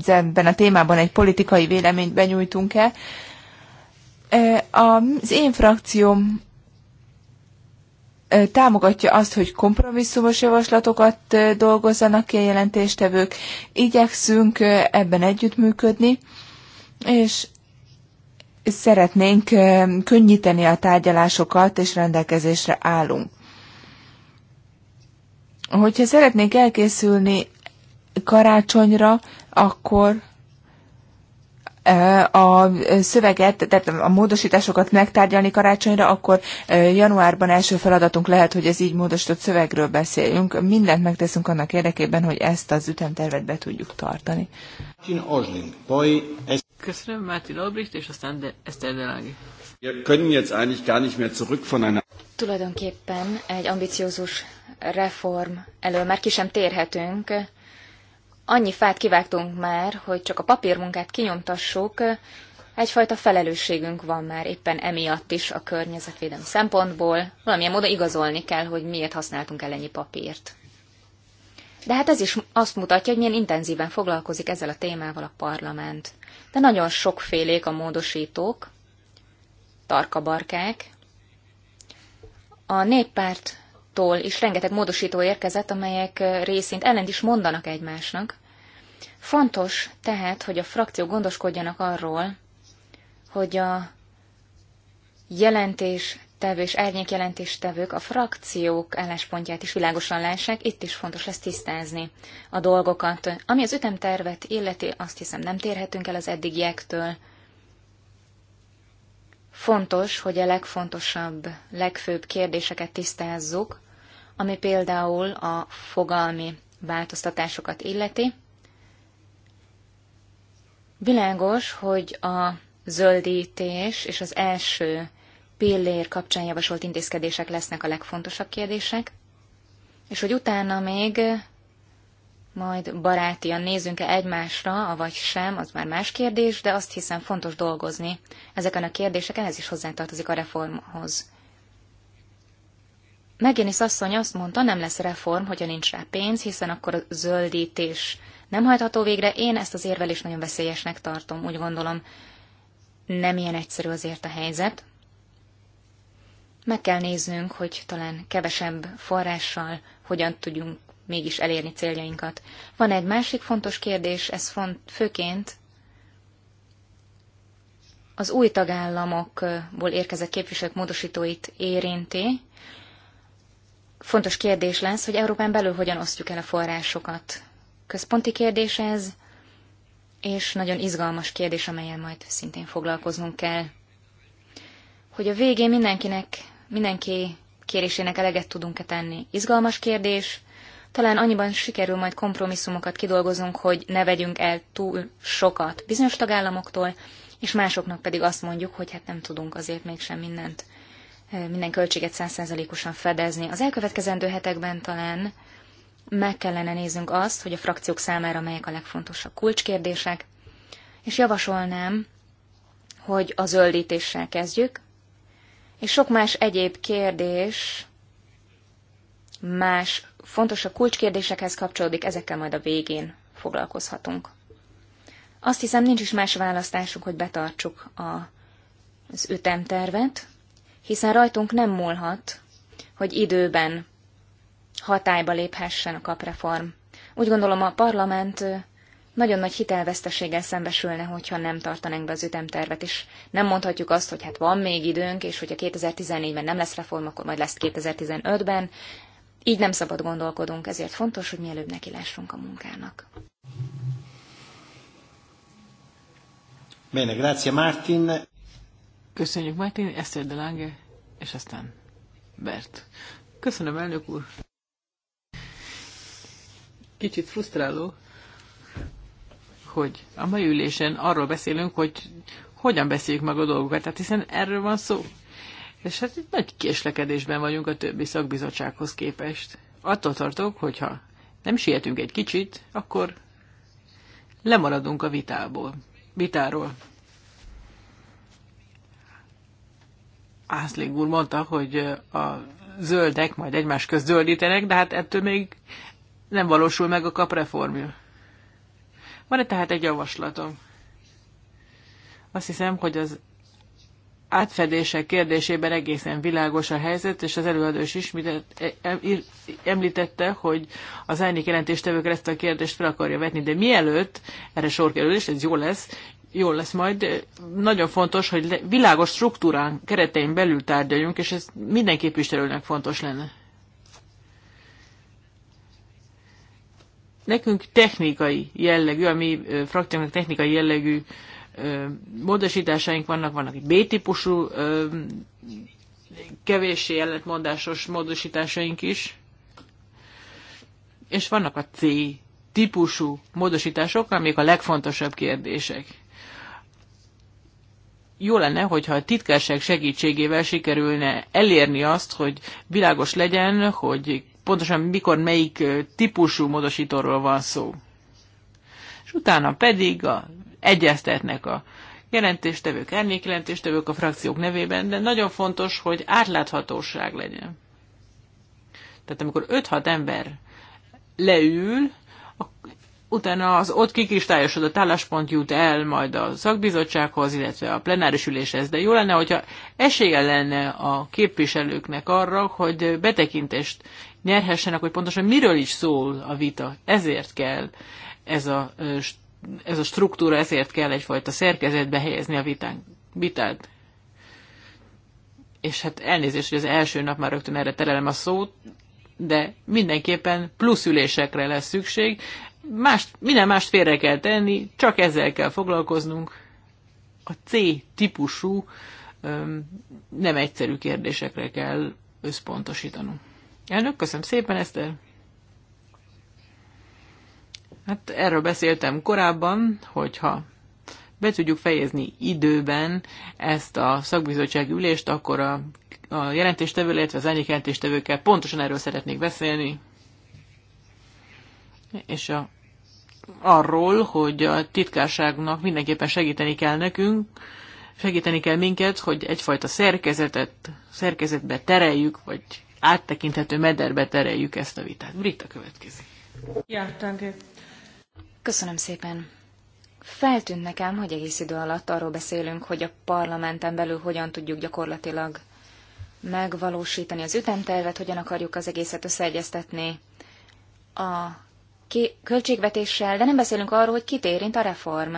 ebben a témában egy politikai véleményt benyújtunk-e. E, az én frakcióm támogatja azt, hogy kompromisszumos javaslatokat dolgozzanak ki a jelentéstevők. Igyekszünk ebben együttműködni, és szeretnénk könnyíteni a tárgyalásokat, és rendelkezésre állunk. Hogyha szeretnénk elkészülni karácsonyra, akkor a szöveget, tehát a módosításokat megtárgyalni karácsonyra, akkor januárban első feladatunk lehet, hogy ez így módosított szövegről beszéljünk. Mindent megteszünk annak érdekében, hogy ezt az ütemtervet be tudjuk tartani. Köszönöm, Martin Albrecht, és aztán de Eszter Delági. Wir können jetzt eigentlich gar nicht mehr zurück von einer... Tulajdonképpen egy ambiciózus reform elől már ki sem térhetünk, annyi fát kivágtunk már, hogy csak a papírmunkát kinyomtassuk, egyfajta felelősségünk van már éppen emiatt is a környezetvédelmi szempontból. Valamilyen módon igazolni kell, hogy miért használtunk el ennyi papírt. De hát ez is azt mutatja, hogy milyen intenzíven foglalkozik ezzel a témával a parlament. De nagyon sokfélék a módosítók, tarkabarkák. A néppárt tól is rengeteg módosító érkezett, amelyek részint ellent is mondanak egymásnak. Fontos tehát, hogy a frakció gondoskodjanak arról, hogy a jelentés tevő és árnyékjelentéstevők a frakciók álláspontját is világosan lássák, itt is fontos lesz tisztázni a dolgokat. Ami az ütemtervet illeti, azt hiszem nem térhetünk el az eddigiektől. Fontos, hogy a legfontosabb, legfőbb kérdéseket tisztázzuk, ami például a fogalmi változtatásokat illeti. Világos, hogy a zöldítés és az első pillér kapcsán javasolt intézkedések lesznek a legfontosabb kérdések, és hogy utána még majd barátian nézzünk-e egymásra, vagy sem, az már más kérdés, de azt hiszem fontos dolgozni. Ezeken a kérdéseken ez is hozzátartozik a reformhoz. Megénis asszony azt mondta, nem lesz reform, hogyha nincs rá pénz, hiszen akkor a zöldítés nem hajtható végre. Én ezt az érvelést nagyon veszélyesnek tartom, úgy gondolom. Nem ilyen egyszerű azért a helyzet. Meg kell néznünk, hogy talán kevesebb forrással hogyan tudjunk mégis elérni céljainkat. Van egy másik fontos kérdés, ez font, főként az új tagállamokból érkezett képviselők módosítóit érinti. Fontos kérdés lesz, hogy Európán belül hogyan osztjuk el a forrásokat. Központi kérdés ez, és nagyon izgalmas kérdés, amelyen majd szintén foglalkoznunk kell. Hogy a végén mindenkinek, mindenki kérésének eleget tudunk-e tenni. Izgalmas kérdés, talán annyiban sikerül majd kompromisszumokat kidolgozunk, hogy ne vegyünk el túl sokat bizonyos tagállamoktól, és másoknak pedig azt mondjuk, hogy hát nem tudunk azért mégsem mindent, minden költséget százszerzalékosan fedezni. Az elkövetkezendő hetekben talán meg kellene néznünk azt, hogy a frakciók számára melyek a legfontosabb kulcskérdések, és javasolnám, hogy a zöldítéssel kezdjük, és sok más egyéb kérdés más Fontos a kulcskérdésekhez kapcsolódik, ezekkel majd a végén foglalkozhatunk. Azt hiszem, nincs is más választásunk, hogy betartsuk a, az ütemtervet, hiszen rajtunk nem múlhat, hogy időben hatályba léphessen a kapreform. Úgy gondolom, a parlament nagyon nagy hitelveszteséggel szembesülne, hogyha nem tartanánk be az ütemtervet, és nem mondhatjuk azt, hogy hát van még időnk, és hogyha 2014-ben nem lesz reform, akkor majd lesz 2015-ben. Így nem szabad gondolkodunk, ezért fontos, hogy mielőbb neki lássunk a munkának. Bene, grazie Martin. Köszönjük Martin, Eszter de Lange, és aztán Bert. Köszönöm, elnök úr. Kicsit frusztráló, hogy a mai ülésen arról beszélünk, hogy hogyan beszéljük meg a dolgokat. Tehát hiszen erről van szó. És hát itt nagy késlekedésben vagyunk a többi szakbizottsághoz képest. Attól tartok, hogyha nem sietünk egy kicsit, akkor lemaradunk a vitából, vitáról. Ászling úr mondta, hogy a zöldek majd egymás közt zöldítenek, de hát ettől még nem valósul meg a kapreformja. Van-e tehát egy javaslatom? Azt hiszem, hogy az átfedések kérdésében egészen világos a helyzet, és az előadó is e- e- említette, hogy az árnyék jelentéstevők ezt a kérdést fel akarja vetni, de mielőtt erre sor kerül, és ez jó lesz, jó lesz majd, nagyon fontos, hogy világos struktúrán, keretein belül tárgyaljunk, és ez minden képviselőnek fontos lenne. Nekünk technikai jellegű, a mi frakciónak technikai jellegű módosításaink vannak, vannak egy B-típusú kevéssé ellentmondásos módosításaink is, és vannak a C típusú módosítások, amik a legfontosabb kérdések. Jó lenne, hogyha a titkárság segítségével sikerülne elérni azt, hogy világos legyen, hogy pontosan mikor melyik típusú módosítóról van szó. És utána pedig a egyeztetnek a jelentéstevők, jelentéstevők a frakciók nevében, de nagyon fontos, hogy átláthatóság legyen. Tehát amikor 5-6 ember leül, utána az ott kikristályosodott álláspont jut el majd a szakbizottsághoz, illetve a plenáris üléshez. De jó lenne, hogyha esélye lenne a képviselőknek arra, hogy betekintést nyerhessenek, hogy pontosan miről is szól a vita. Ezért kell ez a ez a struktúra, ezért kell egyfajta szerkezetbe helyezni a vitán, vitát. És hát elnézést, hogy az első nap már rögtön erre terelem a szót, de mindenképpen plusz ülésekre lesz szükség. Más, minden mást félre kell tenni, csak ezzel kell foglalkoznunk. A C-típusú nem egyszerű kérdésekre kell összpontosítanunk. Elnök, köszönöm szépen, Eszter! Hát erről beszéltem korábban, hogyha be tudjuk fejezni időben ezt a szakbizottság ülést, akkor a, a jelentéstevő, illetve az egyik jelentéstevőkkel pontosan erről szeretnék beszélni, és a, arról, hogy a titkárságnak mindenképpen segíteni kell nekünk, segíteni kell minket, hogy egyfajta szerkezetet, szerkezetbe tereljük, vagy áttekinthető mederbe tereljük ezt a vitát. Brita következik. Ja, danke. Köszönöm szépen. Feltűnt nekem, hogy egész idő alatt arról beszélünk, hogy a parlamenten belül hogyan tudjuk gyakorlatilag megvalósítani az ütemtervet, hogyan akarjuk az egészet összeegyeztetni a költségvetéssel, de nem beszélünk arról, hogy kit érint a reform.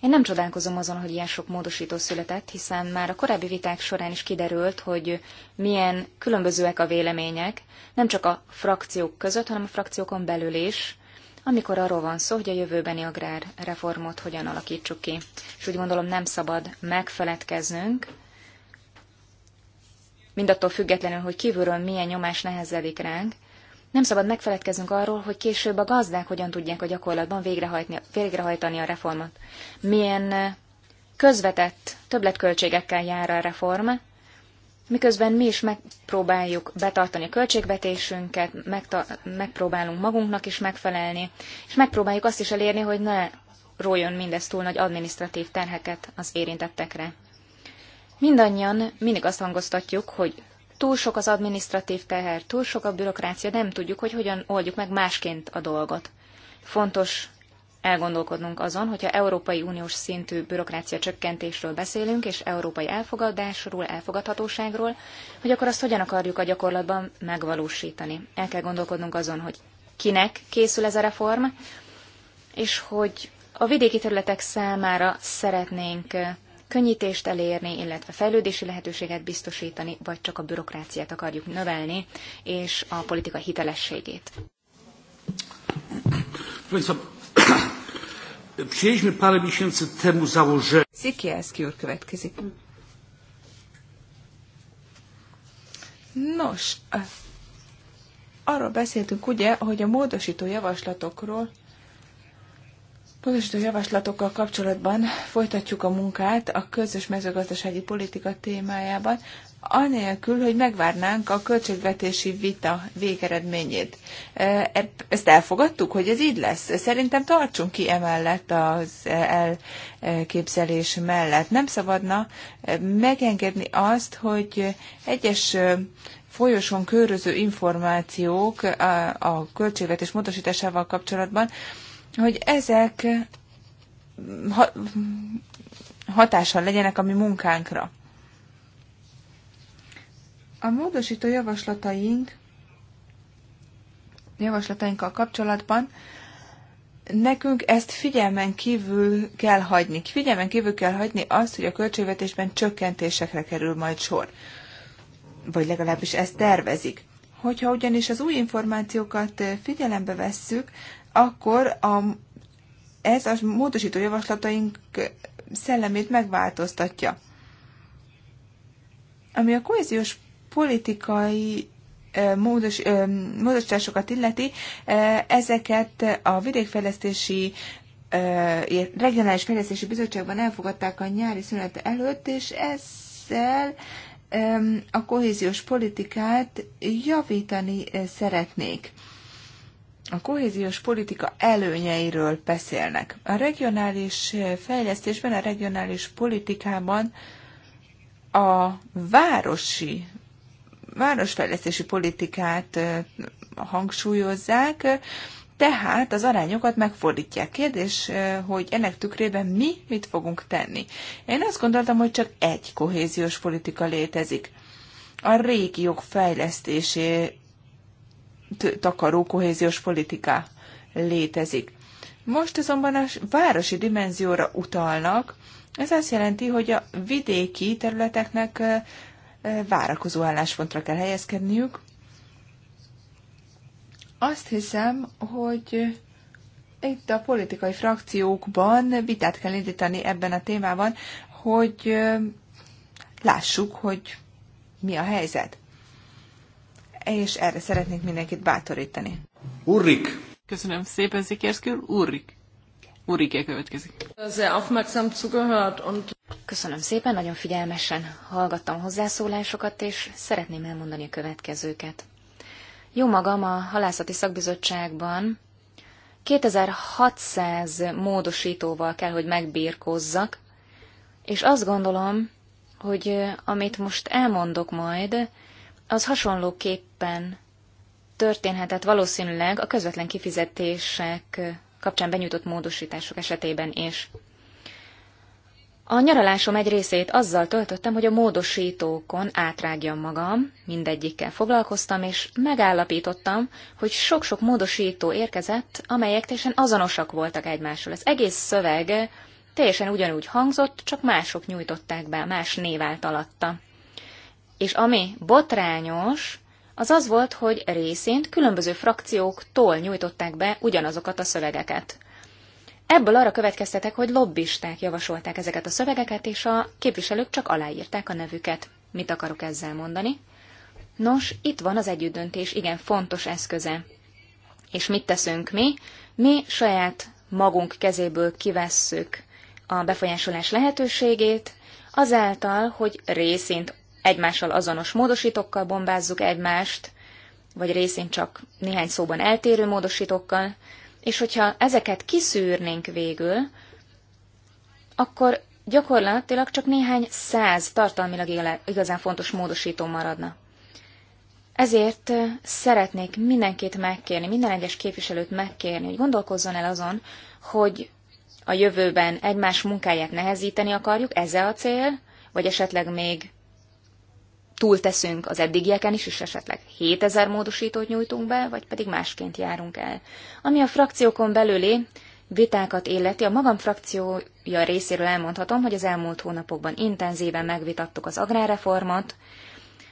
Én nem csodálkozom azon, hogy ilyen sok módosító született, hiszen már a korábbi viták során is kiderült, hogy milyen különbözőek a vélemények, nem csak a frakciók között, hanem a frakciókon belül is, amikor arról van szó, hogy a jövőbeni agrárreformot hogyan alakítsuk ki. És úgy gondolom nem szabad megfeledkeznünk, mindattól függetlenül, hogy kívülről milyen nyomás nehezedik ránk, nem szabad megfeledkeznünk arról, hogy később a gazdák hogyan tudják a gyakorlatban végrehajtani a reformot. Milyen eh, közvetett többletköltségekkel jár a reform, miközben mi is megpróbáljuk betartani a költségvetésünket, megpróbálunk magunknak is megfelelni, és megpróbáljuk azt is elérni, hogy ne rójon mindez túl nagy adminisztratív terheket az érintettekre. Mindannyian mindig azt hangoztatjuk, hogy túl sok az adminisztratív teher, túl sok a bürokrácia, nem tudjuk, hogy hogyan oldjuk meg másként a dolgot. Fontos elgondolkodnunk azon, hogyha Európai Uniós szintű bürokrácia csökkentésről beszélünk, és európai elfogadásról, elfogadhatóságról, hogy akkor azt hogyan akarjuk a gyakorlatban megvalósítani. El kell gondolkodnunk azon, hogy kinek készül ez a reform, és hogy a vidéki területek számára szeretnénk eh, könnyítést elérni, illetve fejlődési lehetőséget biztosítani, vagy csak a bürokráciát akarjuk növelni, és a politika hitelességét. <coughs> Przyjęliśmy parę miesięcy temu założenie. következik. Nos, e, arról beszéltünk ugye, hogy a módosító javaslatokról, módosító javaslatokkal kapcsolatban folytatjuk a munkát a közös mezőgazdasági politika témájában anélkül, hogy megvárnánk a költségvetési vita végeredményét. Ezt elfogadtuk, hogy ez így lesz. Szerintem tartsunk ki emellett az elképzelés mellett. Nem szabadna megengedni azt, hogy egyes folyosón köröző információk a költségvetés módosításával kapcsolatban, hogy ezek hatással legyenek a mi munkánkra. A módosító javaslataink javaslatainkkal kapcsolatban nekünk ezt figyelmen kívül kell hagyni. Figyelmen kívül kell hagyni azt, hogy a költségvetésben csökkentésekre kerül majd sor. Vagy legalábbis ezt tervezik. Hogyha ugyanis az új információkat figyelembe vesszük, akkor a, ez a módosító javaslataink szellemét megváltoztatja. Ami a kohéziós politikai módos, módosításokat illeti, ezeket a vidékfejlesztési regionális fejlesztési bizottságban elfogadták a nyári szünet előtt, és ezzel a kohéziós politikát javítani szeretnék. A kohéziós politika előnyeiről beszélnek. A regionális fejlesztésben, a regionális politikában a városi városfejlesztési politikát hangsúlyozzák, tehát az arányokat megfordítják. Kérdés, hogy ennek tükrében mi mit fogunk tenni. Én azt gondoltam, hogy csak egy kohéziós politika létezik. A régiók fejlesztésé takaró kohéziós politika létezik. Most azonban a városi dimenzióra utalnak, ez azt jelenti, hogy a vidéki területeknek várakozó álláspontra kell helyezkedniük. Azt hiszem, hogy itt a politikai frakciókban vitát kell indítani ebben a témában, hogy lássuk, hogy mi a helyzet. És erre szeretnék mindenkit bátorítani. Urrik! Köszönöm szépen, Zikerszkül. Urrik! Ulrike következik. Köszönöm szépen, nagyon figyelmesen hallgattam hozzászólásokat, és szeretném elmondani a következőket. Jó magam a halászati szakbizottságban 2600 módosítóval kell, hogy megbírkozzak, és azt gondolom, hogy amit most elmondok majd, az hasonlóképpen történhetett valószínűleg a közvetlen kifizetések kapcsán benyújtott módosítások esetében is. A nyaralásom egy részét azzal töltöttem, hogy a módosítókon átrágjam magam, mindegyikkel foglalkoztam, és megállapítottam, hogy sok-sok módosító érkezett, amelyek teljesen azonosak voltak egymással. Az egész szöveg teljesen ugyanúgy hangzott, csak mások nyújtották be, más név állt alatta. És ami botrányos, az az volt, hogy részént különböző frakcióktól nyújtották be ugyanazokat a szövegeket. Ebből arra következtetek, hogy lobbisták javasolták ezeket a szövegeket, és a képviselők csak aláírták a nevüket. Mit akarok ezzel mondani? Nos, itt van az együttdöntés igen fontos eszköze. És mit teszünk mi? Mi saját magunk kezéből kivesszük a befolyásolás lehetőségét, azáltal, hogy részint egymással azonos módosítókkal bombázzuk egymást, vagy részén csak néhány szóban eltérő módosítókkal, és hogyha ezeket kiszűrnénk végül, akkor gyakorlatilag csak néhány száz tartalmilag igazán fontos módosító maradna. Ezért szeretnék mindenkit megkérni, minden egyes képviselőt megkérni, hogy gondolkozzon el azon, hogy a jövőben egymás munkáját nehezíteni akarjuk, ez -e a cél, vagy esetleg még túlteszünk az eddigieken is, és esetleg 7000 módosítót nyújtunk be, vagy pedig másként járunk el. Ami a frakciókon belüli vitákat illeti, a magam frakciója részéről elmondhatom, hogy az elmúlt hónapokban intenzíven megvitattuk az agrárreformot.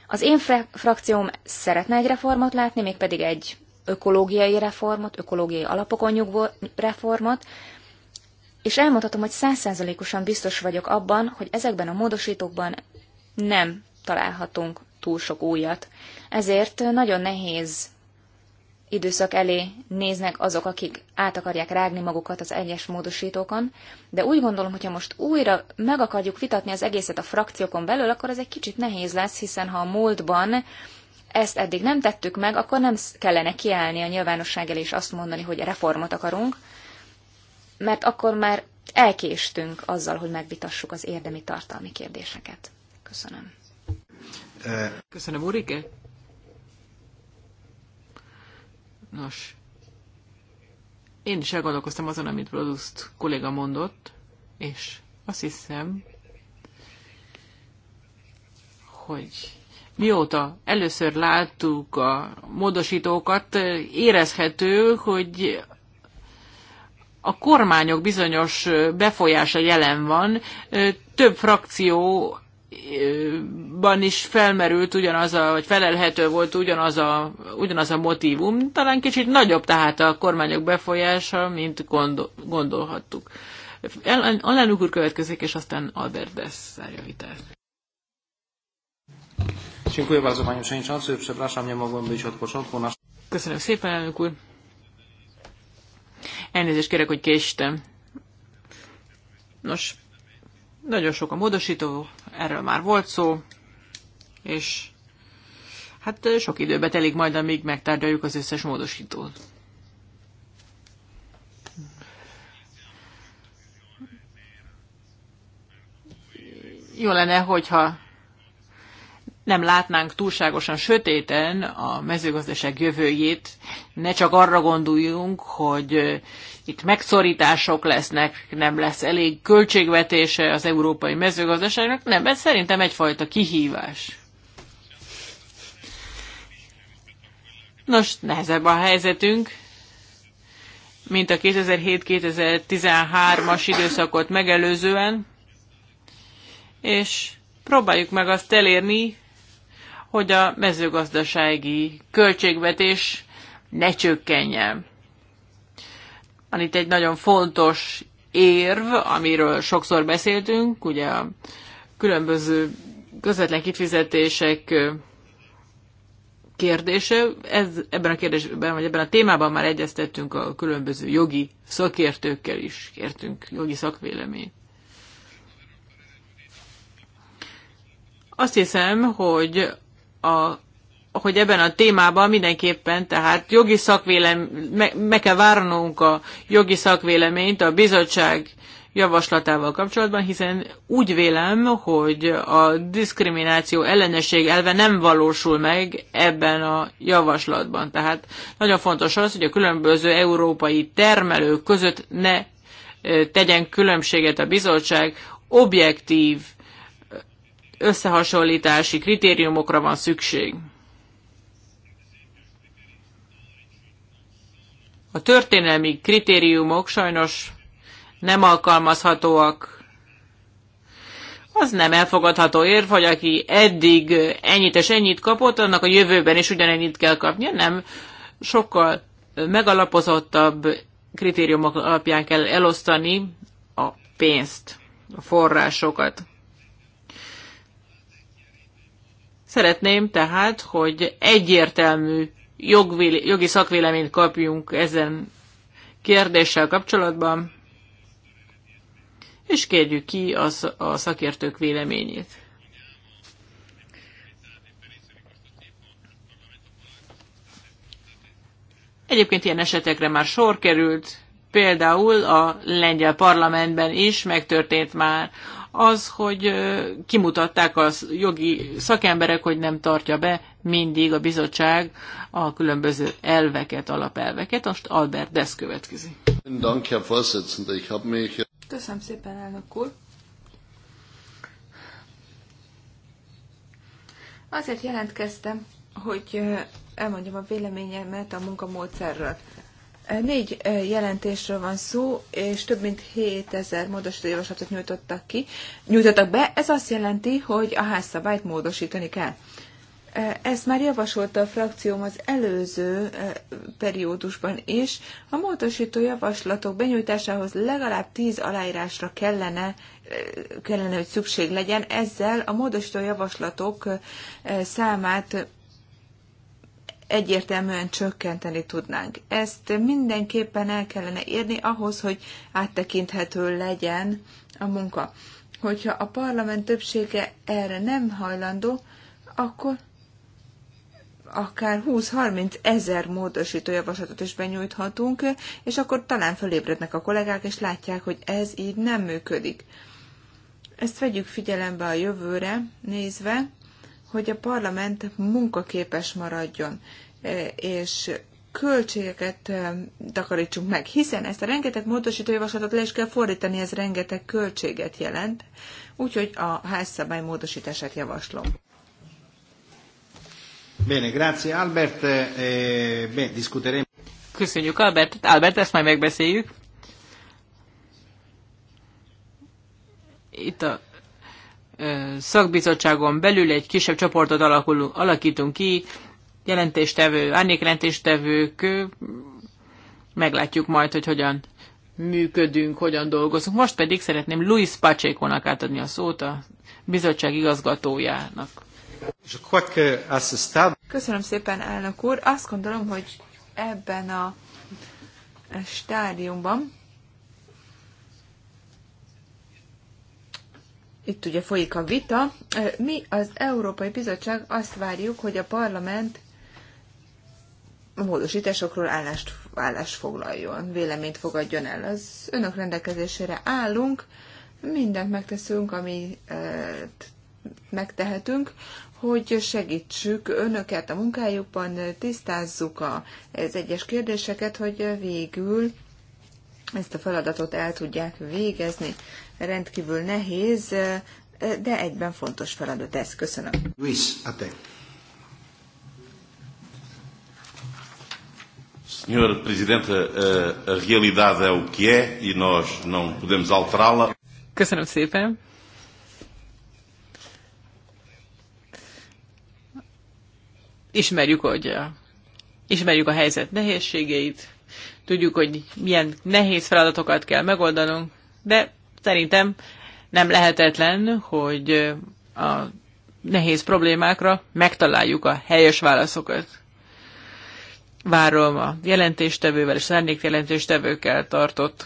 Az én frakcióm szeretne egy reformot látni, mégpedig egy ökológiai reformot, ökológiai alapokon nyugvó reformot, és elmondhatom, hogy százszázalékosan biztos vagyok abban, hogy ezekben a módosítókban nem találhatunk túl sok újat. Ezért nagyon nehéz időszak elé néznek azok, akik át akarják rágni magukat az egyes módosítókon, de úgy gondolom, hogyha most újra meg akarjuk vitatni az egészet a frakciókon belül, akkor ez egy kicsit nehéz lesz, hiszen ha a múltban ezt eddig nem tettük meg, akkor nem kellene kiállni a nyilvánosság elé és azt mondani, hogy reformot akarunk, mert akkor már elkéstünk azzal, hogy megvitassuk az érdemi tartalmi kérdéseket. Köszönöm. Köszönöm, Urike. Nos, én is elgondolkoztam azon, amit Roduszt kolléga mondott, és azt hiszem, hogy mióta először láttuk a módosítókat, érezhető, hogy a kormányok bizonyos befolyása jelen van. Több frakció ban is felmerült ugyanaz a, vagy felelhető volt ugyanaz a, ugyanaz a motivum. talán kicsit nagyobb tehát a kormányok befolyása, mint gondol, gondolhattuk. Alánuk úr következik, és aztán Albert Dess zárja vitát. Köszönöm szépen, elnök úr. Elnézést kérek, hogy késtem. Nos, nagyon sok a módosító, erről már volt szó, és hát sok időbe telik majd, amíg megtárgyaljuk az összes módosítót. Jó lenne, hogyha nem látnánk túlságosan sötéten a mezőgazdaság jövőjét, ne csak arra gondoljunk, hogy itt megszorítások lesznek, nem lesz elég költségvetése az európai mezőgazdaságnak, nem, ez szerintem egyfajta kihívás. Nos, nehezebb a helyzetünk, mint a 2007-2013-as időszakot megelőzően, és próbáljuk meg azt elérni, hogy a mezőgazdasági költségvetés ne csökkenjen. Van itt egy nagyon fontos érv, amiről sokszor beszéltünk, ugye a különböző közvetlen kifizetések kérdése. Ez, ebben a kérdésben, vagy ebben a témában már egyeztettünk a különböző jogi szakértőkkel is, kértünk jogi szakvéleményt. Azt hiszem, hogy a, hogy ebben a témában mindenképpen, tehát jogi szakvélem, me, meg kell várnunk a jogi szakvéleményt a bizottság javaslatával kapcsolatban, hiszen úgy vélem, hogy a diszkrimináció ellenesség elve nem valósul meg ebben a javaslatban. Tehát nagyon fontos az, hogy a különböző európai termelők között ne tegyen különbséget a bizottság, objektív összehasonlítási kritériumokra van szükség. A történelmi kritériumok sajnos nem alkalmazhatóak. Az nem elfogadható érv, hogy aki eddig ennyit és ennyit kapott, annak a jövőben is ugyanennyit kell kapnia. Nem, sokkal megalapozottabb kritériumok alapján kell elosztani a pénzt, a forrásokat. Szeretném tehát, hogy egyértelmű jogvéle, jogi szakvéleményt kapjunk ezen kérdéssel kapcsolatban, és kérjük ki az, a szakértők véleményét. Egyébként ilyen esetekre már sor került, például a lengyel parlamentben is megtörtént már az, hogy kimutatták a jogi szakemberek, hogy nem tartja be mindig a bizottság a különböző elveket, alapelveket. Most Albert Desz következik. Köszönöm szépen, elnök úr. Azért jelentkeztem, hogy elmondjam a véleményemet a munkamódszerről. Négy jelentésről van szó, és több mint 7000 módosító javaslatot nyújtottak ki, nyújtottak be. Ez azt jelenti, hogy a házszabályt módosítani kell. Ezt már javasolta a frakcióm az előző periódusban is. A módosító javaslatok benyújtásához legalább 10 aláírásra kellene, kellene, hogy szükség legyen. Ezzel a módosító javaslatok számát egyértelműen csökkenteni tudnánk. Ezt mindenképpen el kellene érni ahhoz, hogy áttekinthető legyen a munka. Hogyha a parlament többsége erre nem hajlandó, akkor akár 20-30 ezer módosító javaslatot is benyújthatunk, és akkor talán fölébrednek a kollégák, és látják, hogy ez így nem működik. Ezt vegyük figyelembe a jövőre nézve, hogy a parlament munkaképes maradjon, e, és költségeket e, takarítsunk meg, hiszen ezt a rengeteg módosítójavaslatot le is kell fordítani, ez rengeteg költséget jelent, úgyhogy a házszabály módosítását javaslom. Bene, grazie Albert. Eh, beh, Köszönjük Albert. Albert, ezt majd megbeszéljük. Itt a szakbizottságon belül egy kisebb csoportot alakul, alakítunk ki, jelentéstevő, árnyékjelentéstevők, meglátjuk majd, hogy hogyan működünk, hogyan dolgozunk. Most pedig szeretném Luis Pacheco-nak átadni a szót, a bizottság igazgatójának. Köszönöm szépen, elnök úr. Azt gondolom, hogy ebben a eh, stádiumban itt ugye folyik a vita. Mi az Európai Bizottság azt várjuk, hogy a parlament a módosításokról állást, állást foglaljon, véleményt fogadjon el. Az önök rendelkezésére állunk, mindent megteszünk, ami megtehetünk, hogy segítsük önöket a munkájukban, tisztázzuk az egyes kérdéseket, hogy végül ezt a feladatot el tudják végezni rendkívül nehéz, de egyben fontos feladat ez. Köszönöm. Luis, a te. Senhor Presidente, a, realidade é o que é e nós não podemos alterá-la. Köszönöm szépen. Ismerjük, hogy ismerjük a helyzet nehézségeit, tudjuk, hogy milyen nehéz feladatokat kell megoldanunk, de Szerintem nem lehetetlen, hogy a nehéz problémákra megtaláljuk a helyes válaszokat. Várom a jelentéstevővel és szárnyék jelentéstevőkkel tartott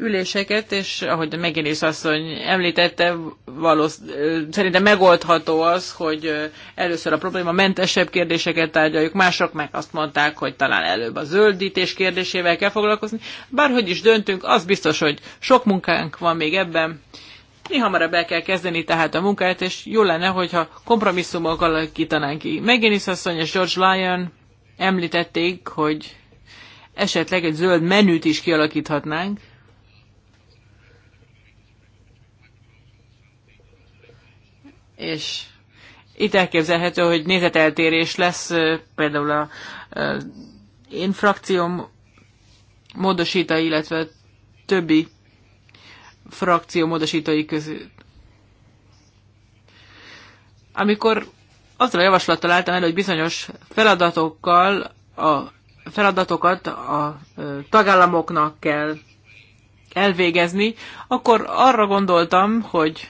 üléseket, és ahogy a Megénész asszony említette, valószínűleg szerintem megoldható az, hogy először a probléma mentesebb kérdéseket tárgyaljuk, mások meg azt mondták, hogy talán előbb a zöldítés kérdésével kell foglalkozni. Bárhogy is döntünk, az biztos, hogy sok munkánk van még ebben. Mi hamarabb el kell kezdeni tehát a munkát, és jó lenne, hogyha kompromisszumok alakítanánk ki. Megénész asszony és George Lyon említették, hogy esetleg egy zöld menüt is kialakíthatnánk, és itt elképzelhető, hogy nézeteltérés lesz, például a, a én frakcióm módosítai, illetve többi frakció módosítói között. Amikor azzal a javaslattal álltam elő, hogy bizonyos feladatokkal a feladatokat a tagállamoknak kell elvégezni, akkor arra gondoltam, hogy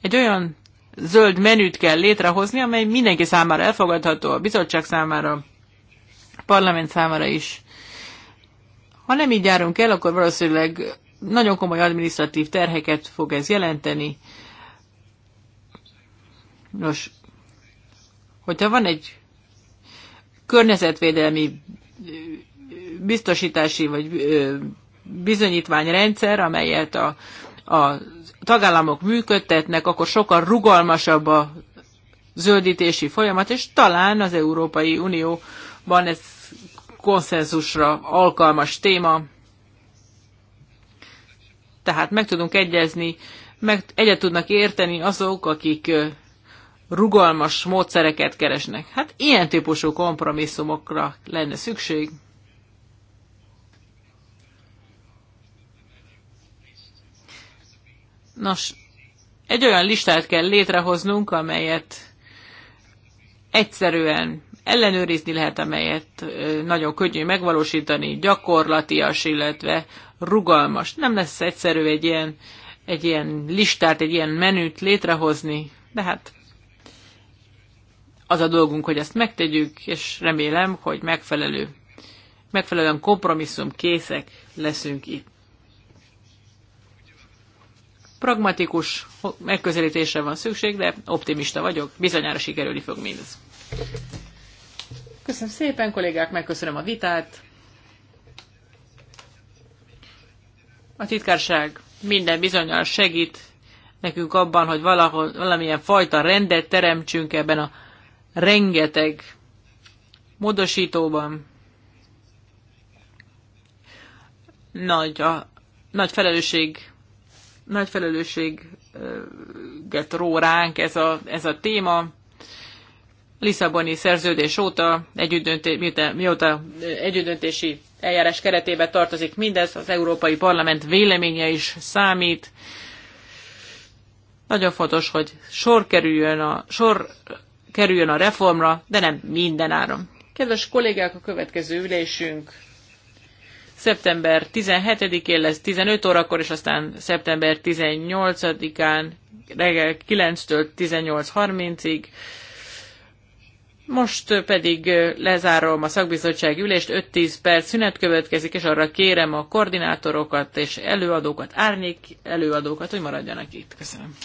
egy olyan zöld menüt kell létrehozni, amely mindenki számára elfogadható, a bizottság számára, a parlament számára is. Ha nem így járunk el, akkor valószínűleg nagyon komoly administratív terheket fog ez jelenteni. Nos, hogyha van egy környezetvédelmi biztosítási vagy bizonyítványrendszer, amelyet a a tagállamok működtetnek, akkor sokkal rugalmasabb a zöldítési folyamat, és talán az Európai Unióban ez konszenzusra alkalmas téma. Tehát meg tudunk egyezni, meg egyet tudnak érteni azok, akik rugalmas módszereket keresnek. Hát ilyen típusú kompromisszumokra lenne szükség. Nos, egy olyan listát kell létrehoznunk, amelyet egyszerűen ellenőrizni lehet, amelyet nagyon könnyű megvalósítani, gyakorlatias, illetve rugalmas. Nem lesz egyszerű egy ilyen, egy ilyen listát, egy ilyen menüt létrehozni, de hát az a dolgunk, hogy ezt megtegyük, és remélem, hogy megfelelő, megfelelően kompromisszum készek leszünk itt. Pragmatikus megközelítésre van szükség, de optimista vagyok, bizonyára sikerülni fog mindez. Köszönöm szépen, kollégák, megköszönöm a vitát. A titkárság minden bizonyal segít nekünk abban, hogy valahol, valamilyen fajta rendet teremtsünk ebben a rengeteg módosítóban. Nagy, a, nagy felelősség nagy felelősséget ró ránk ez a, ez a téma. Lisszaboni szerződés óta, együttdönté, mióta eh, együttdöntési eljárás keretében tartozik mindez, az Európai Parlament véleménye is számít. Nagyon fontos, hogy sor kerüljön a, sor kerüljön a reformra, de nem minden áron. Kedves kollégák, a következő ülésünk Szeptember 17-én lesz 15 órakor, és aztán szeptember 18-án reggel 9-től 18.30-ig. Most pedig lezárom a szakbizottság ülést, 5-10 perc szünet következik, és arra kérem a koordinátorokat és előadókat, árnyék előadókat, hogy maradjanak itt. Köszönöm.